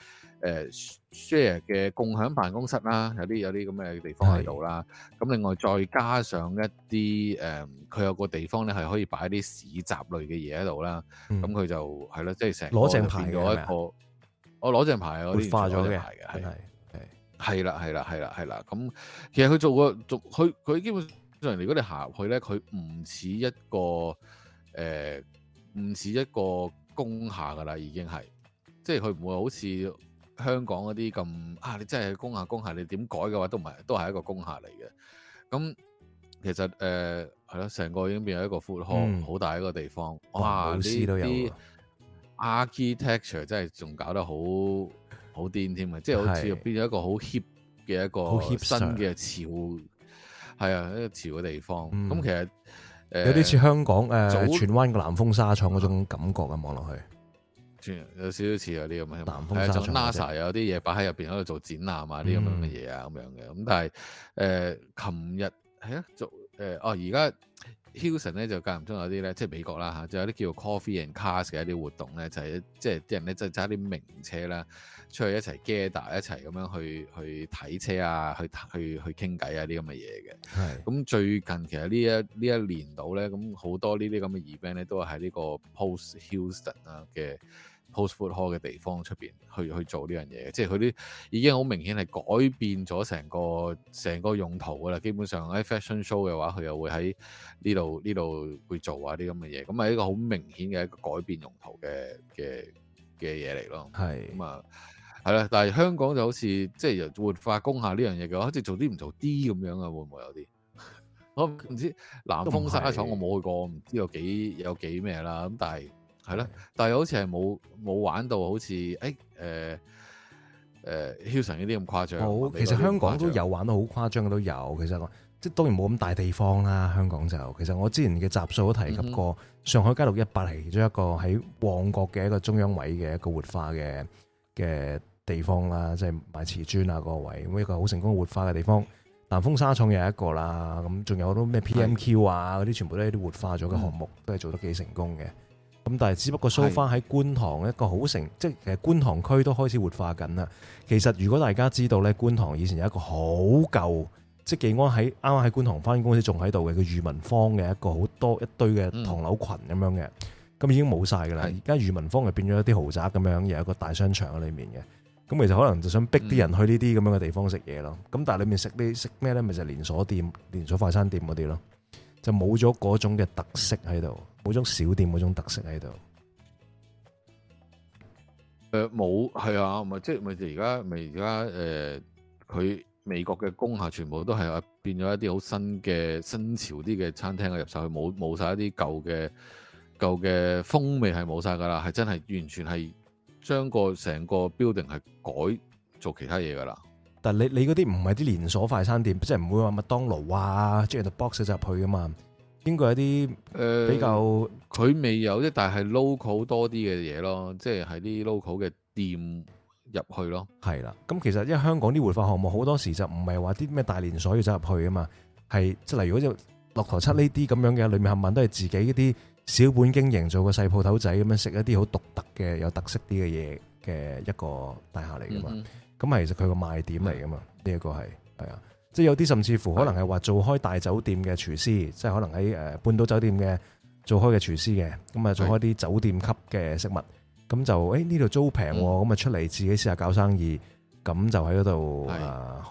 Uh, share 嘅共享辦公室啦，有啲有啲咁嘅地方喺度啦。咁是 另外再加上一啲誒，佢、呃、有個地方咧係可以擺啲市集類嘅嘢喺度啦。咁佢、嗯、就係咯，即係成攞正牌嘅。我攞正牌，我化咗嘅係係係係啦係啦係啦係啦。咁、啊啊啊嗯、其實佢做個做佢佢基本上嚟，如果你行入去咧，佢唔似一個誒，唔似一個工廈噶啦，已經係即係佢唔會好似。香港嗰啲咁啊，你真係工廈工廈，你點改嘅話都唔係，都係一個工廈嚟嘅。咁其實誒係咯，成、呃、個已經變咗一個富康，好、嗯、大一個地方。哇！老武師都有 Architecture 真係仲搞得好好癲添嘅，即係好似變咗一個好 hip 嘅一個新嘅潮，係啊，一個潮嘅地方。咁、嗯、其實、呃、有啲似香港就荃、呃、早灣個南豐紗廠嗰種感覺啊，望落去。有少少似嗰啲咁嘅，南風沙 NASA 有啲嘢擺喺入邊，喺度做展覽啊，啲咁樣嘅嘢啊，咁樣嘅。咁但係誒，琴、呃、日係啊，做誒、呃、哦，而家 Houston 咧就間唔中有啲咧，即係美國啦嚇、啊，就有啲叫 Coffee and Cars 嘅一啲活動咧，就係、是、即係啲人咧就揸啲名車啦，出去一齊 gather 一齊咁樣去去睇車啊，去去去傾偈啊，啲咁嘅嘢嘅。係是。咁最近其實呢一呢一年度咧，咁好多這些這呢啲咁嘅 event 咧，都係喺呢個 Post Houston 啊嘅。post food hall 嘅地方出邊去去做呢樣嘢，即係佢啲已經好明顯係改變咗成個成個用途噶啦。基本上喺 fashion show 嘅話，佢又會喺呢度呢度會做啊啲咁嘅嘢，咁係一個好明顯嘅一個改變用途嘅嘅嘅嘢嚟咯。係咁啊，係啦是，但係香港就好似即係活化工廈呢樣嘢嘅話，好似做啲唔做啲咁樣嘅，會唔會有啲？我 唔知南風沙廠，我冇去過，唔是知有幾有幾咩啦。咁但係。係啦，但係好似係冇冇玩到好似，誒、欸，誒 Hilton 呢啲咁誇張。好，其實香港都有玩到好誇張嘅都有。其實即係當然冇咁大地方啦，香港就其實我之前嘅集數都提及過，嗯、哼上海街六一八其中一個喺旺角嘅一個中央位嘅一個活化嘅嘅地方啦，即係賣瓷磚啊嗰個位咁一個好成功活化嘅地方。南豐沙廠又一個啦，咁仲有好多咩 P M Q 啊嗰啲，的全部都係啲活化咗嘅項目，嗯、都係做得幾成功嘅。咁但係只不過收返喺觀塘一個好城，是的 即係其實觀塘區都開始活化緊啦。其實如果大家知道咧，觀塘以前有一個好舊，即係技安喺啱啱喺觀塘翻工嗰時仲喺度嘅，叫裕民坊嘅一個好多一堆嘅唐樓群咁樣嘅，咁已經冇晒噶啦。而家裕民坊就變咗一啲豪宅咁樣，又一個大商場喺裡面嘅。咁其實可能就想逼啲人去呢啲咁樣嘅地方食嘢咯。咁但係裡面食啲食咩咧？咪就係、是、連鎖店、連鎖快餐店嗰啲咯，就冇咗嗰種嘅特色喺度。冇種小店嗰種特色喺度。誒冇、呃，係啊，唔係，即係咪而家咪而家誒佢美國嘅工廈全部都係啊，變咗一啲好新嘅新潮啲嘅餐廳嘅入曬去，冇冇曬一啲舊嘅舊嘅風味係冇晒㗎啦，係真係完全係將個成個 building 係改做其他嘢㗎啦。但係你你嗰啲唔係啲連鎖快餐店，即係唔會話麥當勞啊，即係就 box 入去㗎嘛。經過一啲比較、呃，佢未有啫，但係 local 多啲嘅嘢咯，即係喺啲 local 嘅店入去咯，係啦。咁其實因為香港啲活化項目好多時就唔係話啲咩大連鎖要走入去㗎嘛，係即係例如好似駱駝漆呢啲咁樣嘅，裏、嗯、面客問都係自己一啲小本經營，做個細鋪頭仔咁樣食一啲好獨特嘅、有特色啲嘅嘢嘅一個大廈嚟噶嘛。咁啊、嗯嗯，其實佢個賣點嚟噶嘛，呢一、嗯、個係啊。即係有啲甚至乎可能係話做開大酒店嘅廚師，即係可能喺誒半島酒店嘅做開嘅廚師嘅，咁啊做開啲酒店級嘅食物，咁就誒呢度租平喎，咁啊出嚟自己試下搞生意，咁就喺嗰度啊，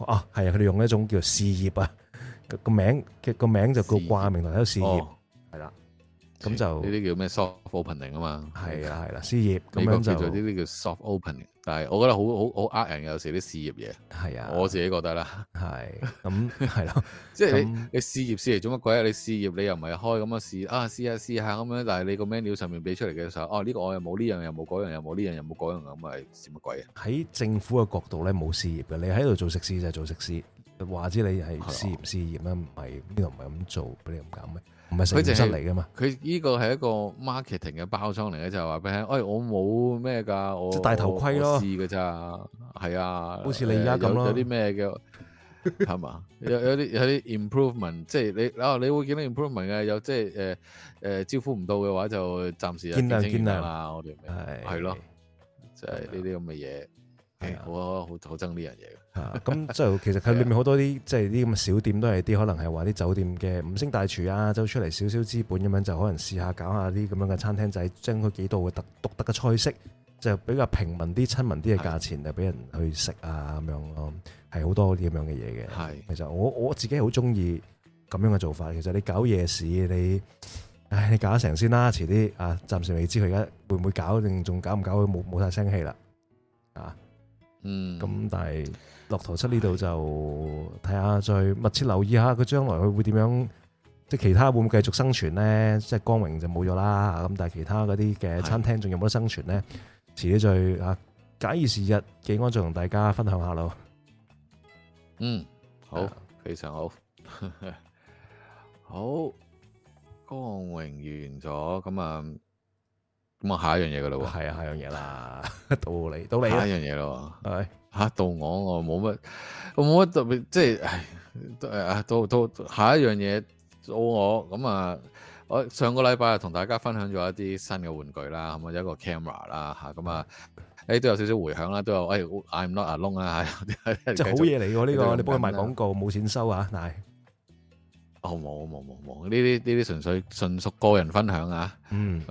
啊係啊，佢哋用一種叫事業啊，個名嘅個名就叫掛名嚟做事業，係啦。咁就呢啲叫咩 soft opening 啊嘛，係啊係啦，試、啊、業，呢個叫做呢啲叫 soft opening，但係我覺得好好好呃人嘅，有時啲事業試業嘢，係啊，我自己覺得啦，係，咁係咯，啊、 即係你、嗯、你試業先嚟做乜鬼啊？你試業你又唔係開咁嘅試。啊，試下試下咁樣，但係你個 menu 上面俾出嚟嘅時候，哦、啊、呢、呢個我又冇呢樣又冇嗰樣又冇呢樣又冇嗰樣咁咪試乜鬼啊？喺政府嘅角度咧冇試業嘅，你喺度做食肆就係做食肆，話知你係試唔試業啦？唔係呢度唔係咁做，俾你咁搞咩？唔係誠實嚟噶嘛？佢呢個係一個 marketing 嘅包裝嚟嘅，就係話俾你聽，哎，我冇咩噶，我戴頭盔咯，試嘅咋，係啊，好似你而家咁咯，有啲咩嘅係嘛？有有啲有啲 improvement，即係你啊，你會見到 improvement 嘅，有即係誒誒招呼唔到嘅話，就暫時見諒見諒啊，我哋係係咯，就係呢啲咁嘅嘢，我好討憎呢樣嘢。咁即係其實佢裏面好多啲，是的即係啲咁嘅小店都係啲可能係話啲酒店嘅五星大廚啊，走出嚟少少資本咁樣就可能試下搞下啲咁樣嘅餐廳仔，將佢幾道嘅特獨特嘅菜式，就比較平民啲、親民啲嘅價錢就俾的人去食啊咁樣咯，係好多咁樣嘅嘢嘅。係的，其實我我自己好中意咁樣嘅做法。其實你搞夜市，你唉，你搞一成先啦，遲啲啊，暫時未知佢而家會唔會搞定，仲搞唔搞，冇冇晒聲氣啦。啊，嗯，咁、啊、但係。駱駝漆呢度就睇下，再密切留意下佢將來佢會點樣，即係其他會唔會繼續生存咧？即係光榮就冇咗啦，咁但係其他嗰啲嘅餐廳仲有冇得生存咧？遲啲再啊，假以時日，紀安再同大家分享下咯。嗯，好，非常好，好，光榮完咗，咁啊，咁啊，下一樣嘢噶咯，係啊，下一樣嘢啦，到你，到你啊，下一樣嘢咯，係。嚇、啊、到我我冇乜，我冇乜特別，即係誒啊！都，到，到，到下一樣嘢到我咁啊！我上個禮拜同大家分享咗一啲新嘅玩具啦，咁啊有一個 camera 啦嚇，咁啊誒都有少少迴響啦，都有誒、欸、I'm not alone 啦嚇，即係好嘢嚟喎呢個，你幫佢賣廣告冇錢收啊，嗱。好，冇冇冇冇，呢啲呢啲純粹純屬個人分享啊，嗯，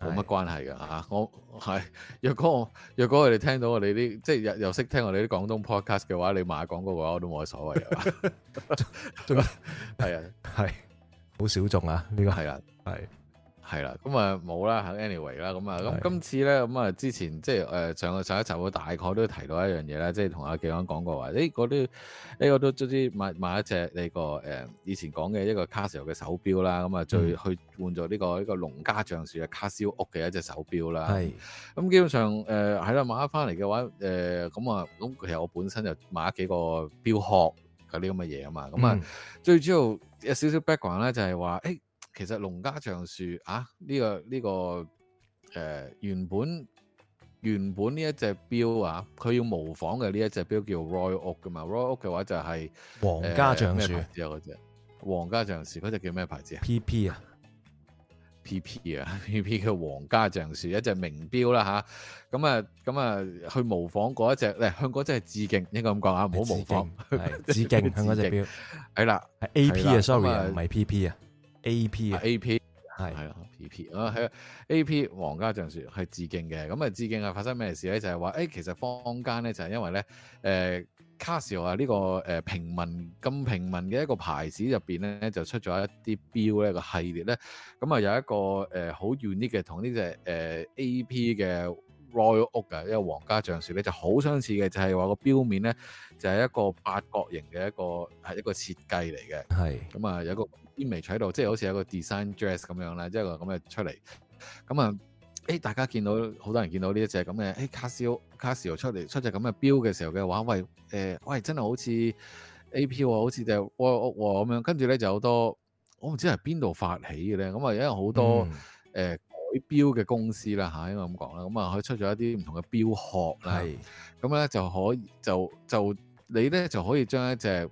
冇乜關係嘅嚇，的我係若果我若果我哋聽到我哋啲即係又又識聽我哋啲廣東 podcast 嘅話，你買廣告嘅話，我都冇乜所謂嘅，係啊 的，係好小眾啊，呢個係啊，係。係、嗯、啦，咁啊冇啦，嚇，anyway 啦，咁啊的，咁今次咧，咁啊，之前即係誒、呃、上上一集我大概都提到一樣嘢，這個這個呃、啦，即係同阿記講講過話，咦、嗯，嗰啲，這個，呢我都總之買買一隻你個以前講嘅一個 casio 嘅手錶啦，咁啊的，最去換咗呢個呢個農家橡樹嘅 casio 屋嘅一隻手錶啦，咁基本上誒係啦，買翻嚟嘅話，咁、呃、啊，咁其實我本身就買咗幾個錶殼嗰啲咁嘅嘢啊嘛，咁、嗯、啊，嗯、最主要有少少 background 咧，就係話，誒。其實龍家橡樹啊，呢、這個呢、這個誒、呃，原本原本呢一只表啊，佢要模仿嘅呢一隻表叫 Royal Oak 噶嘛，Royal Oak 嘅話就係、是、皇家橡樹咩牌隻皇家橡樹嗰隻叫咩牌子啊，牌子啊？PP 啊，PP 啊，PP 叫皇家橡樹，一隻名表啦吓。咁啊咁啊，去模仿嗰一隻，向嗰隻致敬，應該咁講啊，唔好模仿，致敬 向嗰隻表。係啦了，AP 啊，sorry 唔係 PP 啊。A.P. A.P. 係係咯，P.P. 啊係 A.P. 皇家橡樹係致敬嘅，咁啊致敬啊發生咩事咧？就係話誒，其實坊間咧就係、是、因為咧誒 Casio 啊呢、呃這個誒、呃、平民咁平民嘅一個牌子入邊咧就出咗一啲表咧個系列咧，咁啊有一個誒好、呃、unique 嘅同呢隻誒、呃、A.P. 嘅 Royal Oak 啊，一個皇家橡樹咧就好相似嘅，就係、是、話個表面咧就係、是、一個八角形嘅一個係一個設計嚟嘅，係咁啊有一個。煙味喺度，即係好似有個 design dress 咁樣啦，即係個咁嘅出嚟。咁啊，誒大家見到好多人見到呢一隻咁嘅，誒卡西歐卡西歐出嚟出隻咁嘅表嘅時候嘅話，喂誒、欸、喂，真係好似 AP，好似就係、哇哇咁樣。跟住咧就好多，我唔知係邊度發起嘅咧。咁、嗯欸、啊，因為好多誒改表嘅公司啦嚇，應該咁講啦，咁啊可以出咗一啲唔同嘅表殼啦。咁咧的就可以就就你咧就可以將一隻。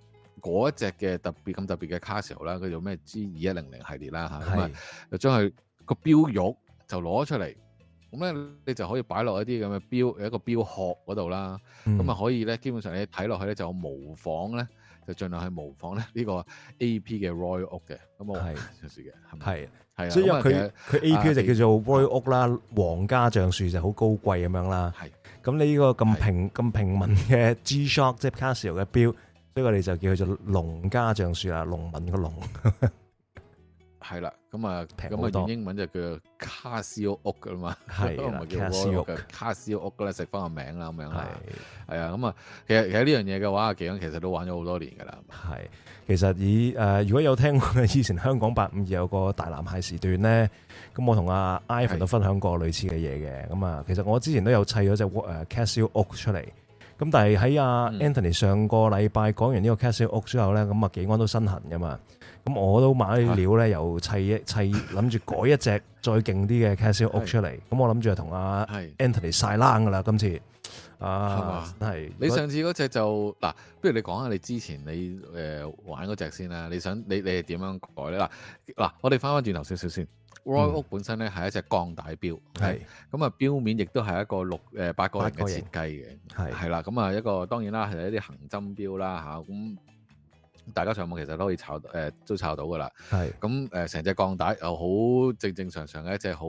嗰一隻嘅特別咁特別嘅卡西歐啦，佢做咩 G 二一零零系列啦嚇，咁啊就將佢個錶玉就攞出嚟，咁咧你就可以擺落一啲咁嘅錶，有一個錶殼嗰度啦，咁啊可以咧基本上你睇落去咧就模仿咧，就儘量去模仿咧呢個 A.P. 嘅 Royal Oak 嘅，咁我係，爵士嘅係係，所以因為佢佢 A.P. 就叫做 Royal Oak 啦，皇家橡樹就好高貴咁樣啦，係，咁你呢個咁平咁平民嘅 G-Shock 即係卡西歐嘅錶。呢個你就叫佢做農家橡樹啊，農民個農，係 啦，咁啊平好多咁啊用英文就叫卡西歐屋噶啦嘛，係啦了，卡西歐卡西歐屋咧食翻個名啦咁樣，係係是啊，咁啊其實其實呢樣嘢嘅話，幾樣其實都玩咗好多年噶啦，係其實以誒、呃，如果有聽過以前香港八五二有個大藍蟹時段咧，咁我同阿 Ivan 是都分享過類似嘅嘢嘅，咁啊其實我之前都有砌咗隻誒卡西歐屋出嚟。咁但係喺啊 Anthony 上個禮拜講完呢個 CASIOAK 之後咧，咁啊幾安都身痕㗎嘛。咁我都買料咧，的又砌一砌諗住改一隻再勁啲嘅 CASIOAK 出嚟。咁的我諗住同阿、啊、Anthony 晒冷㗎啦。的今次啊，係吧是你上次嗰隻就嗱、啊，不如你講下你之前你、呃、玩嗰隻先啦。你想你你係點樣改呢？嗱、啊、嗱、啊，我哋翻翻轉頭少少先。Royal、嗯、屋本身咧係一隻鋼帶表，係咁啊，表、嗯、面亦都係一個六、呃、八角形嘅設計嘅，係係啦，咁啊是、嗯嗯嗯、一個當然啦係一啲行針表啦，咁大家上網其實都可以炒、呃、都炒到噶啦，咁成是、嗯呃、隻鋼帶又好正正常常嘅一隻好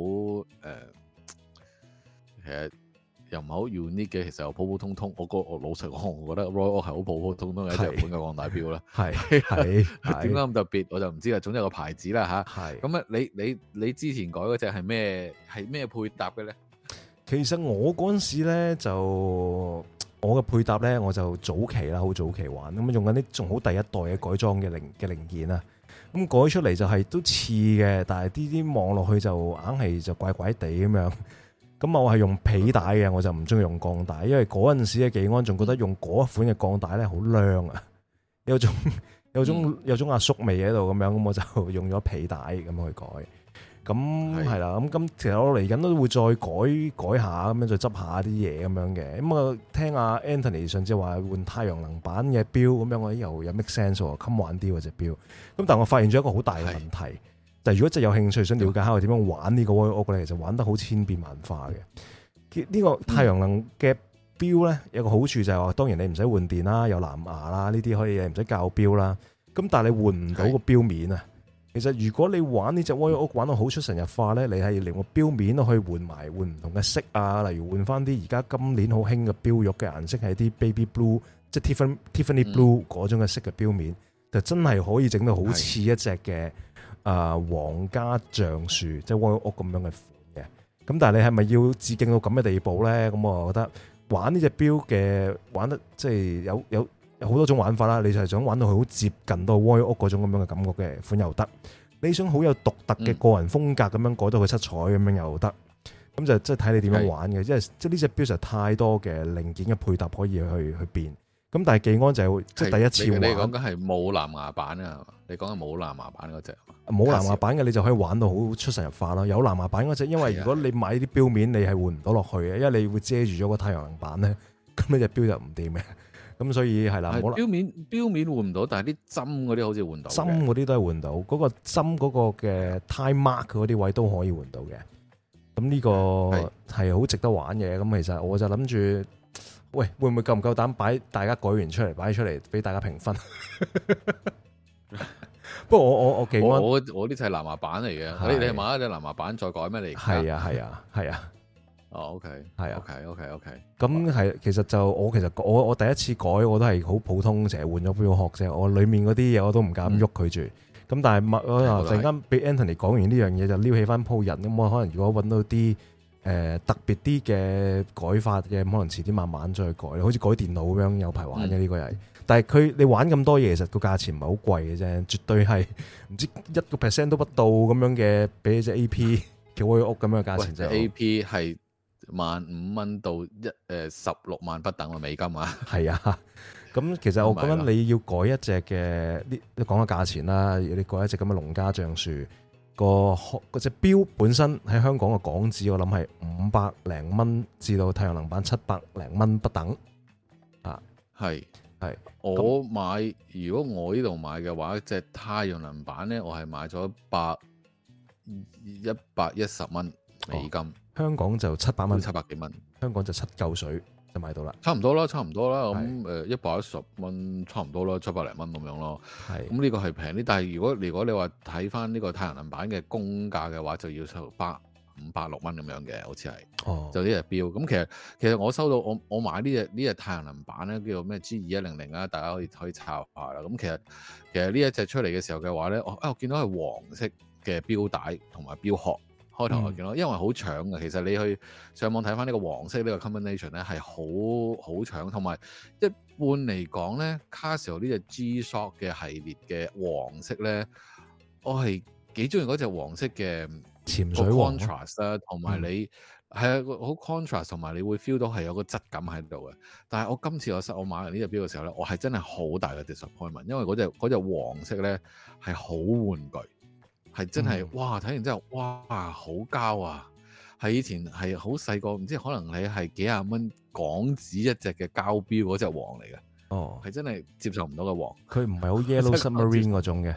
又唔係好 unique 嘅，其實又普普通通。我個我老實講，我覺得 Royal Oak 係好普普通通嘅一隻日本嘅廣大表啦。係係點解咁特別？我就唔知啦。總之有個牌子啦吓？係咁啊！你你你之前改嗰隻係咩係咩配搭嘅咧？其實我嗰陣時咧就我嘅配搭咧，我就早期啦，好早期玩咁用緊啲仲好第一代嘅改裝嘅零嘅零件啊。咁改出嚟就係、是、都似嘅，但係啲啲望落去就硬係就怪怪地咁樣。咁我係用皮帶嘅，我就唔中意用鋼帶，因為嗰陣時嘅幾安仲覺得用嗰一款嘅鋼帶咧好靚啊，有種有種有種阿叔味喺度咁樣，咁我就用咗皮帶咁去改。咁係啦，咁咁是的 其實我嚟緊都會再改改下，咁樣再執下啲嘢咁樣嘅。咁我聽阿 Anthony 上次話換太陽能板嘅表咁樣，我咦又有 make sense 喎襟玩啲喎隻表。咁、那個、但我發現咗一個好大嘅問題。就如果真係有興趣想了解下我點樣玩呢個窩屋咧，其實玩得好千變萬化嘅。呢個太陽能嘅表呢，有個好處就係話，當然你唔使換電啦，有藍牙啦，呢啲可以唔使校表啦。咁但係你換唔到個表面啊。是的 其實如果你玩呢隻窩屋玩到好出神入化呢，你係連個表面都可以換埋換唔同嘅色啊。例如換翻啲而家今年好興嘅表玉嘅顏色係啲 baby blue，即係 tiffany tiffany blue 嗰種嘅色嘅表面，是的 就真係可以整到好似一隻嘅。啊，皇家橡樹即係威爾屋咁樣嘅款嘅，咁但係你係咪要致敬到咁嘅地步咧？咁我就覺得玩呢隻錶嘅玩得即係有有有好多種玩法啦。你就係想玩到佢好接近到威爾屋嗰種咁樣嘅感覺嘅款又得，你想好有獨特嘅個人風格咁樣改到佢七彩咁樣又得，咁就即係睇你點樣玩嘅，是的 因為即係呢隻錶實太多嘅零件嘅配搭可以去去變。咁但係技安就係即係第一次喎。你講緊係冇藍牙版啊？你講緊冇藍牙版嗰隻？冇藍牙版嘅，你就可以玩到好出神入化啦。有藍牙版嗰隻，因為如果你買啲錶面，你係換唔到落去嘅，因為你會遮住咗個太陽能板咧。咁你隻錶就唔掂嘅。咁所以係啦，冇啦。錶面錶面換唔到，但係啲針嗰啲好似換到，到。針嗰啲都係換到，嗰、嗰個針嗰個嘅 time mark 嗰啲位都可以換到嘅。咁呢個係好值得玩嘅。咁其實我就諗住。喂，會唔會夠唔夠膽擺大家改完出嚟，擺出嚟俾大家評分？ 不過我我我記得，我我呢套係藍牙版嚟嘅，啊、你你係買咗隻藍牙版再改咩嚟？係啊係啊係啊，啊啊哦 OK，係、啊、OK OK OK，咁係是 okay. 其實就我其實我我第一次改我都係好普通，成日換咗副殼啫，我裏面嗰啲嘢我都唔敢喐佢住。咁、嗯、但係突然間俾 Anthony 講完呢樣嘢就撩起翻鋪癮咁，我,我可能如果揾到啲。誒、呃、特別啲嘅改法嘅，可能遲啲慢慢再改。好似改電腦咁樣、這個、有排玩嘅呢個係，嗯、但係佢你玩咁多嘢，其實個價錢唔係好貴嘅啫，絕對係唔知一個 percent 都不到咁樣嘅，俾隻 A P 叫烏屋咁樣嘅價錢啫。A P 係萬五蚊到一誒十六萬不等嘅美金啊！係啊，咁其實我覺得你要改一隻嘅，是你講個價錢啦，你改一隻咁嘅皇家橡樹。個個隻錶本身喺香港嘅港紙，我諗係五百零蚊至到太陽能板七百零蚊不等。啊，係係是。我買如果我呢度買嘅話，隻太陽能板呢，我係買咗百一百一十蚊美金。哦。香港就七百蚊，七百幾蚊。香港就七嚿水。買到啦，差唔多啦是、呃，差唔多啦。咁誒一百一十蚊，差唔多啦，七百零蚊咁樣咯。係是，咁呢、嗯這個係平啲。但係如果如果你話睇翻呢個太陽能板嘅公價嘅話，就要收百五百六蚊咁樣嘅，好似係。哦。就呢隻錶，咁、嗯、其實其實我收到我我買呢隻呢隻太陽能板咧，叫做咩 G 二一零零啊，大家可以可以查下啦。咁、嗯、其實其實呢一隻出嚟嘅時候嘅話咧，我啊我見到係黃色嘅錶帶同埋錶殼。開頭我見到、嗯、因為好搶嘅。其實你去上網睇翻呢個黃色呢個 combination 咧，係好好搶。同埋一般嚟講咧，卡西歐呢隻 G-Shock 嘅系列嘅黃色咧，我係幾中意嗰隻黃色嘅潛水 contrast 啦，同埋你係啊好、嗯、contrast，同埋你會 feel 到係有個質感喺度嘅。但係我今次我失我買嚟呢隻錶嘅時候咧，我係真係好大嘅 disappointment，因為嗰隻嗰隻黃色咧係好玩具。係真係哇！睇完之後哇，好膠啊！係以前係好細個，唔知可能你係幾廿蚊港紙一隻嘅膠標嗰隻黃嚟嘅。哦，係真係接受唔到嘅黃。佢唔係好 yellow submarine 嗰實種嘅，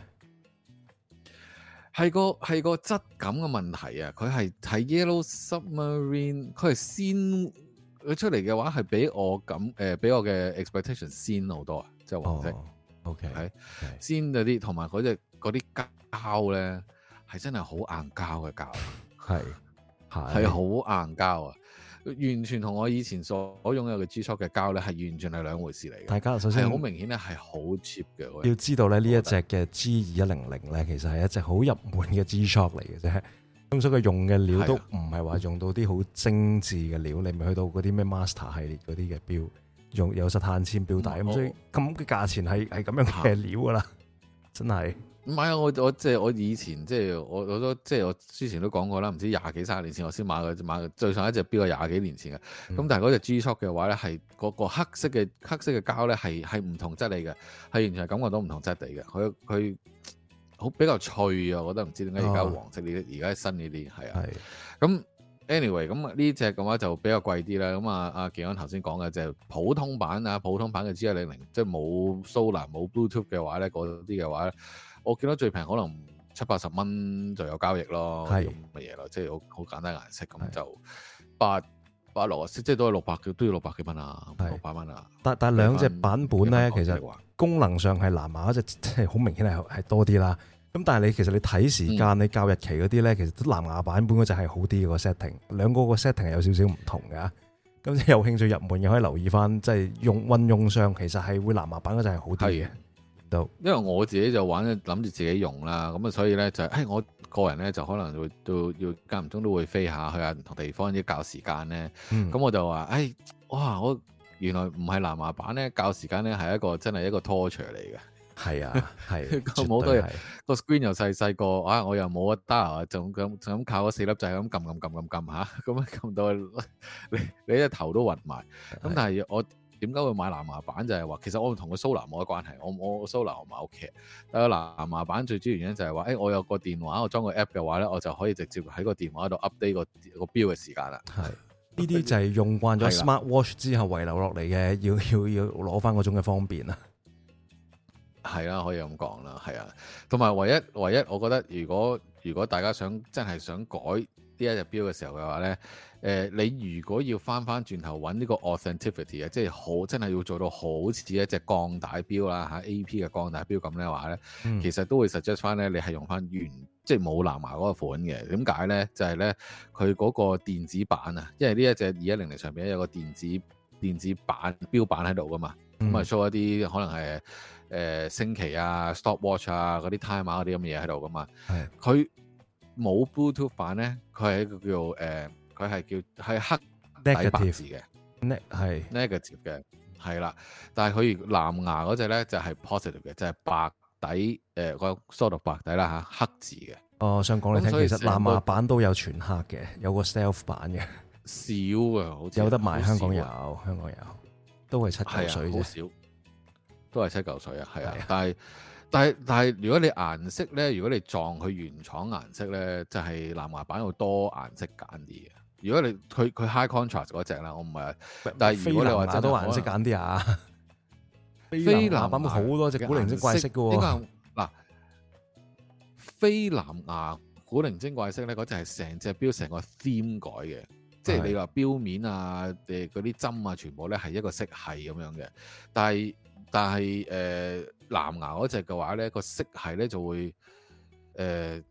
係個係個質感嘅問題啊！佢係睇 yellow submarine，佢係鮮佢出嚟嘅話係俾我咁誒，俾、呃、我嘅 expectation 鮮好多啊！即係黃色。O K，鮮嗰啲同埋佢隻。Okay, okay. 是嗰啲膠咧，係真係好硬膠嘅膠，係係好硬膠啊！完全同我以前所所擁有嘅 G-Shock 嘅膠咧，係完全係兩回事嚟。大家首先好明顯咧，係好 cheap 嘅。要知道咧，這一呢一隻嘅 G 二一零零咧，其實係一隻好入門嘅 G-Shock 嚟嘅啫。咁所以佢用嘅料都唔係話用到啲好精緻嘅料，的你咪去到嗰啲咩 Master 系列嗰啲嘅表，用有實碳纖表底。咁、嗯、所以咁嘅價錢係係咁樣嘅料噶啦，真係。唔係啊！我我即係我以前即係我我都即係我之前都講過啦。唔知廿幾三十年前我先買嘅買過最上一隻，邊個廿幾年前嘅？咁、嗯、但係嗰隻 G Shock、ok、嘅話咧，係嗰、那個黑色嘅黑色嘅膠咧，係係唔同質地嘅，係完全感覺到唔同質地嘅。佢佢好比較脆啊！我覺得唔知點解而家黃色呢啲而家新呢啲係啊。咁是 anyway 咁呢隻嘅話就比較貴啲啦。咁啊阿健安頭先講嘅就係、是、普通版啊，普通版嘅 g 雅零零，00, 即係冇 solar 冇 Bluetooth 嘅話咧，嗰啲嘅話。那些的話我見到最平可能七八十蚊就有交易咯，冇乜嘢咯，即係好好簡單顏色咁是就八八六即係都係六百，都要六百幾蚊啊，六百蚊啊。但但兩隻版本咧，其實功能上係藍牙嗰隻即係好明顯係係多啲啦。咁但係你其實你睇時間，嗯、你校日期嗰啲咧，其實藍牙版本嗰隻係好啲嘅 setting。兩個個 setting 係有少少唔同嘅，咁有興趣入門又可以留意翻，即、就、係、是、用運用上其實係會藍牙版嗰隻係好啲嘅。因為我自己就玩，諗住自己用啦，咁啊所以咧就是，誒、哎、我個人咧就可能會都要間唔中都會飛下去下唔同地方啲較時間咧，咁、嗯、我就話，誒、哎，哇我原來唔係藍牙版咧較時間咧係一個真係一個 torture 嚟嘅。係啊係，咁好 是多嘢，這個 screen 又細細個，啊我又冇得，就咁就咁靠嗰四粒就係咁撳撳撳撳撳吓，咁撳到你你嘅頭都暈埋，咁但係我。點解會買藍牙版？就係話，其實我唔同個蘇拉冇乜關係，我我蘇拉唔喺屋企。但係藍牙版最主要原因就係話，誒，我有個電話，我裝個 app 嘅話咧，我就可以直接喺個電話度 update 個個錶嘅時間啦。係呢啲就係用慣咗 smart watch 之後遺留落嚟嘅，要要要攞翻嗰種嘅方便啦。係啦，可以咁講啦，係啊。同埋，唯一唯一，我覺得如果如果大家想真係想改呢一隻錶嘅時候嘅話咧。誒、呃，你如果要翻翻轉頭揾呢個 authenticity 啊，即係好真係要做到好似一隻鋼帶錶啦嚇、啊、，AP 嘅鋼帶錶咁呢話咧，嗯、其實都會 suggest 翻咧，你係用翻原即係冇藍牙嗰個款嘅。點解咧？就係、是、咧，佢嗰個電子版啊，因為呢一隻二一零零上面有個電子電子版錶版喺度噶嘛，咁啊 show 一啲可能係誒星期啊、stopwatch 啊嗰啲 timer 嗰啲咁嘅嘢喺度噶嘛。係。佢冇 Bluetooth 版咧，佢係一個叫做、呃佢係叫係黑底 Negative, 白字嘅，係 ne negative 嘅，係啦。但係佢藍牙嗰隻咧就係 positive 嘅，就係、是、白底誒個 sort of 白底啦嚇，黑字嘅。哦，想講你聽，其實藍牙版都有全黑嘅，嗯、有個 self 版嘅，少嘅，好似有得賣。香港有，香港有，都係七嚿水啫，都係七嚿水啊，係啊的。但係但係但係，如果你顏色咧，如果你撞佢原廠顏色咧，就係、是、藍牙版要多顏色揀啲嘅。如果你佢佢 high contrast 嗰隻啦，我唔係。但係如果你話真多顏色揀啲啊，可能非藍版咪好多隻古靈精怪色嘅喎。嗱，點解呃、非藍牙古靈精怪色咧，嗰隻係成隻錶成個 theme 改嘅，即係你話錶面啊，誒嗰啲針啊，全部咧係一個色係咁樣嘅。但係但係誒藍牙嗰隻嘅話咧，個色係咧就會誒。呃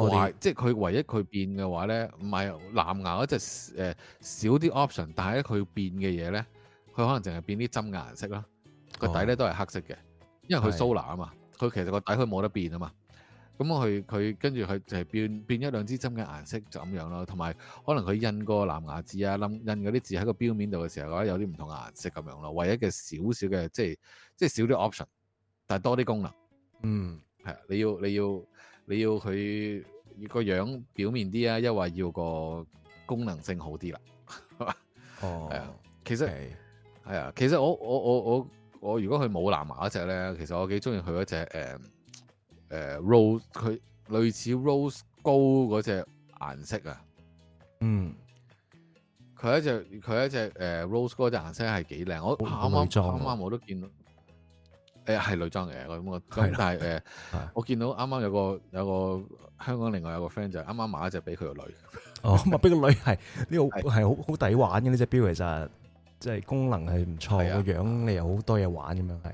或即係佢唯一佢變嘅話咧，唔係藍牙嗰隻誒、呃、少啲 option，但係咧佢變嘅嘢咧，佢可能淨係變啲針顏色啦，個底咧都係黑色嘅，哦、因為佢 Solar 啊嘛，佢是的 其實個底佢冇得變啊嘛，咁佢佢跟住佢就係變變一兩支針嘅顏色就咁樣咯，同埋可能佢印個藍牙字啊，冧印嗰啲字喺個錶面度嘅時候咧有啲唔同顏色咁樣咯，唯一嘅少少嘅即係即係少啲 option，但係多啲功能，嗯係啊，你要你要。你要佢個樣表面啲啊，一話要個功能性好啲啦， 哦，係啊，其實係啊 okay.、uh,，其實我我我我我如果佢冇藍牙嗰隻咧，其實我幾中意佢嗰隻誒誒 rose 佢類似 rose gold 顏、嗯 uh, rose gold 嗰隻顏色是啊，嗯，佢一隻佢一隻誒 rose gold 隻顏色係幾靚，我啱啱啱啱我都見到。誒係女裝嘅，我咁我，但係誒，呃、的我見到啱啱有個有個香港另外有個 friend 就係啱啱買一隻俾佢，哦、的個女，哦，買、這、俾個女，係呢個係好好抵玩嘅呢隻表，其實即係功能係唔錯，個的樣你又好多嘢玩咁樣係。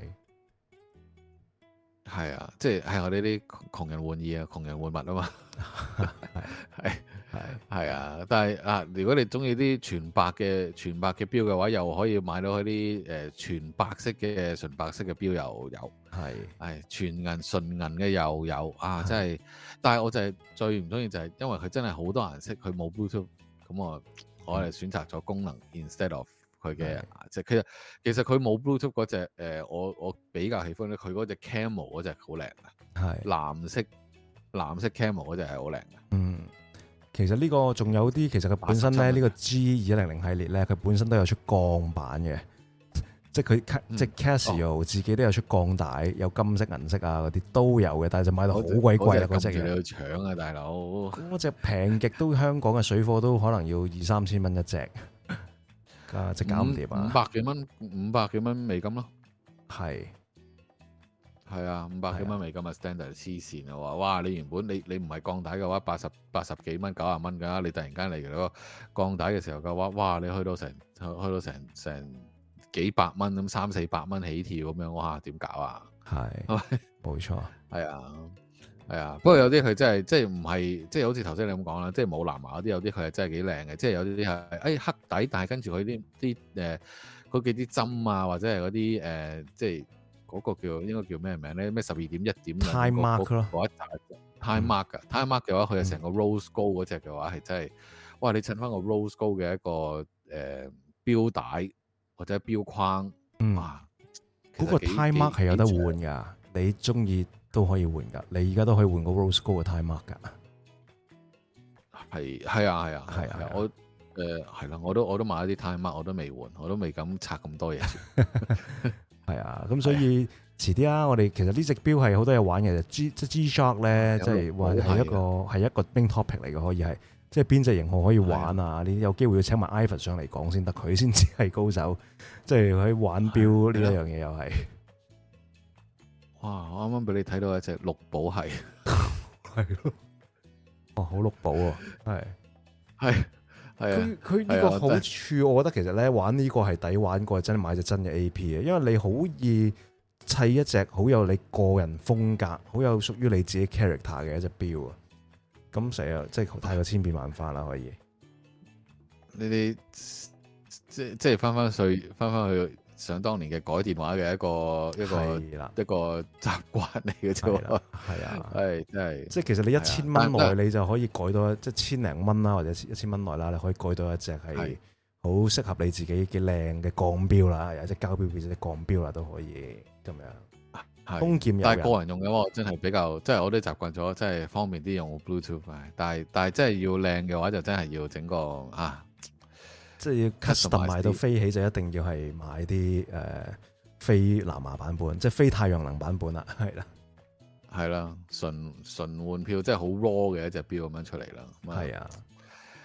係啊，即係係我哋啲窮人玩意 是啊，窮人玩物啊嘛，係係係啊！但係啊，如果你中意啲全白嘅全白嘅表嘅話，又可以買到嗰啲誒全白色嘅純白色嘅表又有，係係全銀純銀嘅又有啊！真係，是但係我就係最唔中意就係、是、因為佢真係好多顏色，佢冇 Bluetooth，咁我我哋選擇咗功能、嗯、，instead of。佢嘅，即係是其實其實佢冇 Bluetooth 嗰隻，誒、呃，我我比較喜歡咧，佢嗰隻 camel 嗰隻好靚啊，係藍色藍色 camel 嗰隻係好靚嘅。嗯，其實呢個仲有啲，其實佢本身咧呢這個 G 二一零零系列咧，佢本身都有出鋼板嘅，即係佢、嗯、即 casio 自己都有出鋼帶，哦、有金色銀色啊嗰啲都有嘅，但係就賣到好鬼貴啊嗰隻。那只那你去搶啊大佬！嗰隻平極都香港嘅水貨都可能要二三千蚊一隻。啊、即搞唔掂啊！五百幾蚊，五百幾蚊美金咯，係是，係啊，五百幾蚊美金啊，standard 黐線啊！話哇，你原本你你唔係降底嘅話，八十八十幾蚊，九十蚊㗎，你突然間嚟嗰個降底嘅時候嘅話，哇，你去到成去到成成幾百蚊咁，三四百蚊起跳咁樣，哇，點搞啊？係是，冇 錯，係啊。係啊，不過有啲佢真係即係唔係即係好似頭先你咁講啦，即係冇藍牙嗰啲有啲佢係真係幾靚嘅，即係有啲啲係誒黑底，但係跟住佢啲啲誒嗰幾啲針啊，或者係嗰啲誒即係嗰、嗰個叫應該叫咩名咧？咩十二點一點兩個嗰一隻 time mark 嘅 time mark 嘅、啊嗯、話，佢係成個 rose gold 嗰隻嘅話係、嗯、真係哇！你襯翻個 rose gold 嘅一個誒錶帶或者錶框，哇、嗯！嗰個 time mark 係有得換㗎，你中意。都可以換噶，你而家都可以換個 Rose Gold 嘅 Timex 噶，係係啊係啊係啊，我誒係啦，我都我都買咗啲 Timex，我都未換，我都未敢拆咁多嘢。係啊，咁所以遲啲啊，我哋其實呢隻表係好多嘢玩嘅，G G Shock 咧，即係話係一個係一個 Big Topic 嚟嘅，可以係即係邊隻型號可以玩啊？呢有機會要請埋 Ivan 上嚟講先得，佢先至係高手，即係佢玩表呢一樣嘢又係。哇！我啱啱俾你睇到一隻綠寶係，係咯， 哇！好綠寶啊，係係係。佢，佢呢個好處，是的我，我覺得其實咧玩呢個係抵玩過真係買隻真嘅 AP 嘅，因為你好易砌一隻好有你個人風格、好有屬於你自己 character 嘅一隻表啊！咁成日即係太過千變萬化啦，可以。你哋，即即係翻翻去翻翻去。分分想當年嘅改電話嘅一個一個一個習慣嚟嘅啫喎，係啊，係真係，即係其實你一千蚊內你就可以改到即係千零蚊啦，或者一千蚊內啦，你可以改到一隻係好適合你自己嘅靚嘅鋼錶啦，有隻膠錶或者鋼錶啊都可以咁樣。係，但係個人用嘅話，我真係比較即係我都習慣咗，即係方便啲用 Bluetooth，但係但係真係要靚嘅話，就真係要整個啊。即係要 custom 買到飛起就一定要係買啲誒、呃、非藍牙版本，即係非太陽能版本啦，係啦，係啦，純純換票，即係好 raw 嘅一隻表咁樣出嚟啦。係啊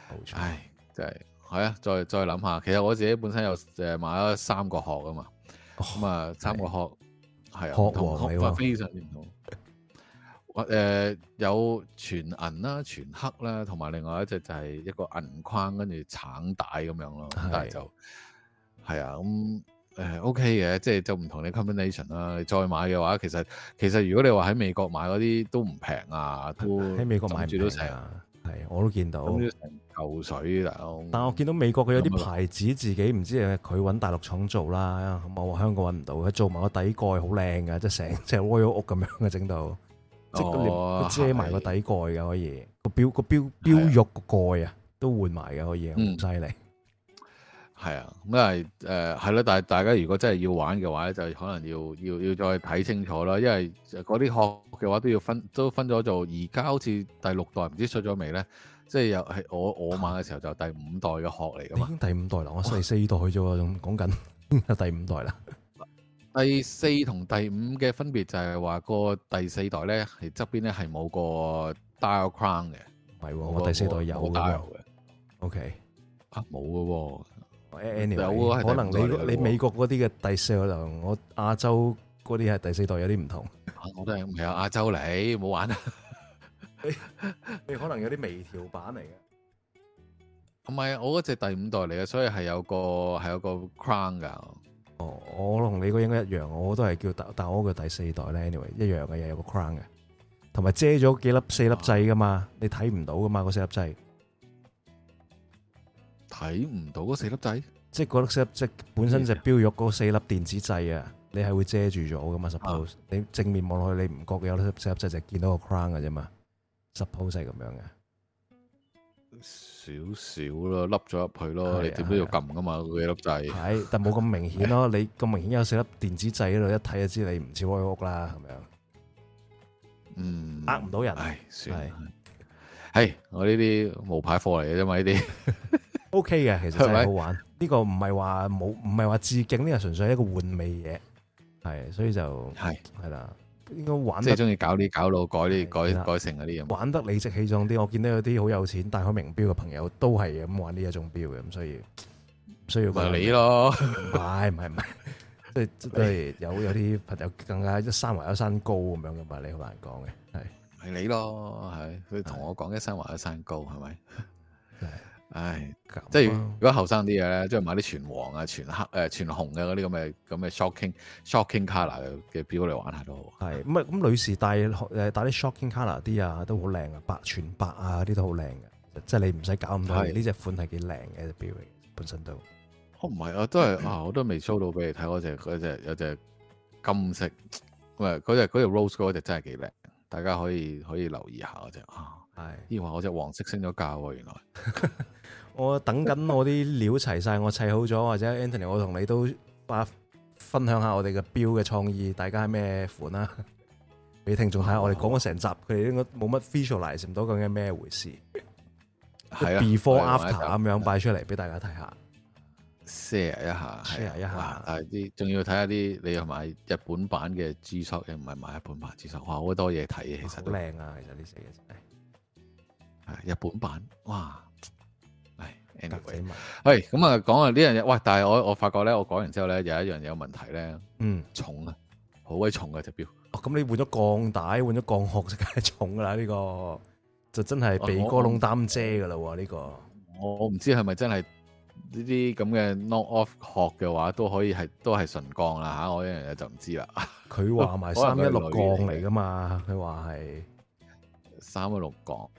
的，冇錯、嗯，唉，真係係啊，再再諗下，其實我自己本身有誒買咗三個殼㗎嘛，咁啊、oh, 三個殼係的的啊，同殼非常唔同。我、呃、有全銀啦、全黑啦，同埋另外一隻就係一個銀框跟住橙帶咁樣咯。係是 就係啊咁 OK 嘅，即係就唔同你 combination 啦。再買嘅話，其實其實如果你話喺美國買嗰啲都唔平啊，喺美國買唔成啊。係整我都見到，成嚿水啦。水，但我見到美國佢有啲牌子自己唔那 destination 知係佢揾大陸廠做啦，唔我話香港揾唔到佢做埋個底蓋好靚嘅，即係成隻 Royal 屋咁樣嘅整到。即係佢遮埋個底蓋嘅，可以個表個表表玉個蓋啊，都換埋嘅，可以好犀利。係啊，咁、嗯、啊，誒係啦，但、呃、係大家如果真係要玩嘅話咧，就可能要要要再睇清楚啦，因為嗰啲殼嘅話都要分，都分咗做。而家好似第六代唔知出咗未咧，即係又係我我買嘅時候就第五代嘅殼嚟。已經第五代啦，我四代四代啫仲講緊第五代啦。 第四同第五嘅分別就係話個第四代咧，係側邊咧係冇個 Dialcrown 嘅，唔係我第四代有 Dial 嘅，OK 啊冇㗎喎，Anyway，可能你你美國嗰啲嘅第四代就我亞洲嗰啲係第四代有啲唔同，我都係唔係啊亞洲嚟冇玩啊，你你可能有啲微調版嚟嘅，唔係我嗰隻第五代嚟嘅，所以係有個係有個 crown 噶。哦，我同你嗰應該一樣，我都係叫第，但我個第四代咧，anyway 一樣嘅嘢有個框嘅，同埋遮咗幾粒四粒掣噶嘛，啊、你睇唔到噶嘛個四粒掣，睇唔到個四粒掣，即係嗰粒四即本身就標咗嗰四粒電子掣啊，你係會遮住咗噶嘛？Suppose、啊、你正面望落去，你唔覺有粒四粒掣，就見到個框噶啫嘛，Suppose 係咁樣嘅。少少咯，凹咗入去咯，你點都要撳噶嘛，嗰幾粒掣。係，但冇咁明顯咯。你咁明顯有四粒電子掣喺度，一睇就知你唔似開屋啦，咁樣。嗯，呃唔到人。唉，算啦。係，我呢啲冒牌貨嚟嘅啫嘛，呢啲。OK 嘅，其實真係好玩。呢個唔係話冇，唔係話致敬，呢個純粹係一個玩味嘢。係，所以就係係啦。應該玩得中意搞啲搞到改啲改的改成嗰啲人玩得理直氣壯啲。我見到有啲好有錢戴開名錶嘅朋友都係咁玩呢一種錶嘅，咁所以唔需要咪你咯？唔係唔係唔係，即係都係有有啲朋友更加一山還一山高咁樣嘅嘛，你好難講嘅。係係你咯，係佢同我講一山還一山高，係咪？唉，啊、即係如果後生啲嘅咧，即係買啲全黃啊、全黑誒、全紅嘅、啊、嗰啲咁嘅咁嘅 shocking shocking color 嘅表嚟玩下都好。係，唔係咁女士戴誒戴啲 shocking color 啲啊，都好靚啊，白全白啊啲都好靚嘅。即係你唔使搞咁多，呢隻是款係幾靚嘅表嚟，本身都。我唔係啊，都係 啊，我都未 show 到俾你睇嗰隻隻有隻金色，唔係嗰隻隻 rose 嗰隻真係幾靚，大家可以可以留意下嗰隻啊。係是，咦話、哎、我隻黃色升咗價喎，原來。 我等緊我啲料齊晒，我砌好咗，或者 Anthony，我同你都把分享一下我哋嘅表嘅創意，大家係咩款啊？俾聽眾睇下，哦、我哋講咗成集，佢哋應該冇乜 visualize 唔到究竟咩回事。係啊。Before 啊 after 咁樣擺、啊、出嚟俾大家睇下，share 一下，share 一下。啲、啊，仲要睇下啲你又買日本版嘅 G Shock 又唔係買日本版嘅 G Shock 哇，好多嘢睇其實。好靚啊！其實呢四隻。日本版，哇！係咁啊，講下呢樣嘢，喂！但係我我發覺咧，我講完之後咧，有一樣嘢有問題咧，嗯，重啊，好鬼重噶隻、這個、表哦！咁你換咗鋼帶，換咗鋼殼就梗係重噶啦，呢、這個就真係鼻哥窿擔遮噶啦呢個。我唔知係咪真係呢啲咁嘅 knock off 殼嘅話都可以係都係純鋼啦吓，我一樣嘢就唔知啦。佢話埋三一六鋼嚟噶嘛，佢話係三一六鋼。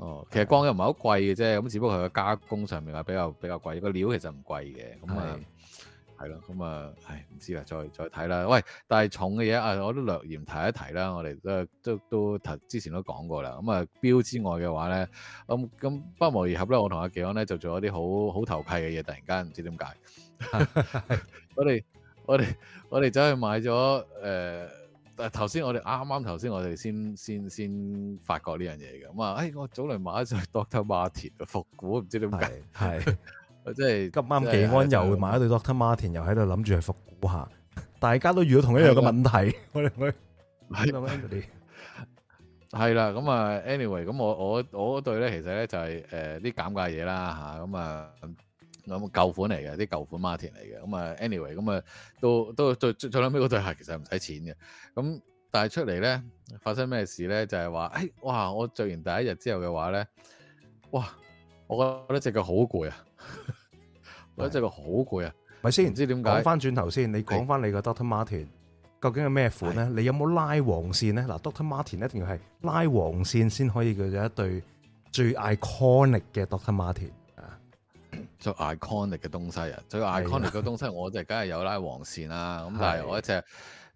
哦，其實鋼又唔係好貴嘅啫，咁對只不過佢個加工上面係比較比較貴，個料其實唔貴嘅，咁對啊係咯，咁啊，唉唔知啦，再再睇啦。喂，但係重嘅嘢啊，我都略鹽提一提啦。我哋都都都頭之前都講過啦，咁、嗯、啊標之外嘅話咧，咁咁不謀而合咧，我同阿健安咧就做咗啲好好投契嘅嘢。突然間唔知點解，我哋我哋我哋走去買咗誒。呃但係頭先我哋啱啱頭先我哋先先先發覺呢樣嘢嘅，咁啊！誒我早嚟買一對 Dr. Martens 嘅復古，唔知點解，係即係咁啱幾安又買一對 Dr. Martens，又喺度諗住去復古下，大家都遇到同一樣嘅問題，我哋我係咁樣嗰啲，係啦，咁啊，anyway，咁我我我嗰對咧，其實咧就係誒啲減價嘢啦嚇，咁啊～有冇舊款嚟嘅，啲舊款 Martin 嚟嘅，咁啊，anyway，咁啊，都都最最最撚尾嗰對鞋其實唔使錢嘅，咁但係出嚟咧發生咩事咧？就係、是、話，誒，哇，我着完第一日之後嘅話咧，哇，我覺得隻腳好攰啊，的我覺得隻腳好攰啊，係先的，唔知點講翻轉頭先，你講翻你嘅 d o t o r Martin 究竟係咩款咧？的你有冇拉黃線咧？嗱 d o t o r Martin 一定要係拉黃線先可以叫做一對最 iconic 嘅 IC d o t o r Martin。最 iconic 嘅東西啊，最 iconic 嘅東西，的東西，的我隻梗係有拉黃線啦。咁的但係我一隻誒、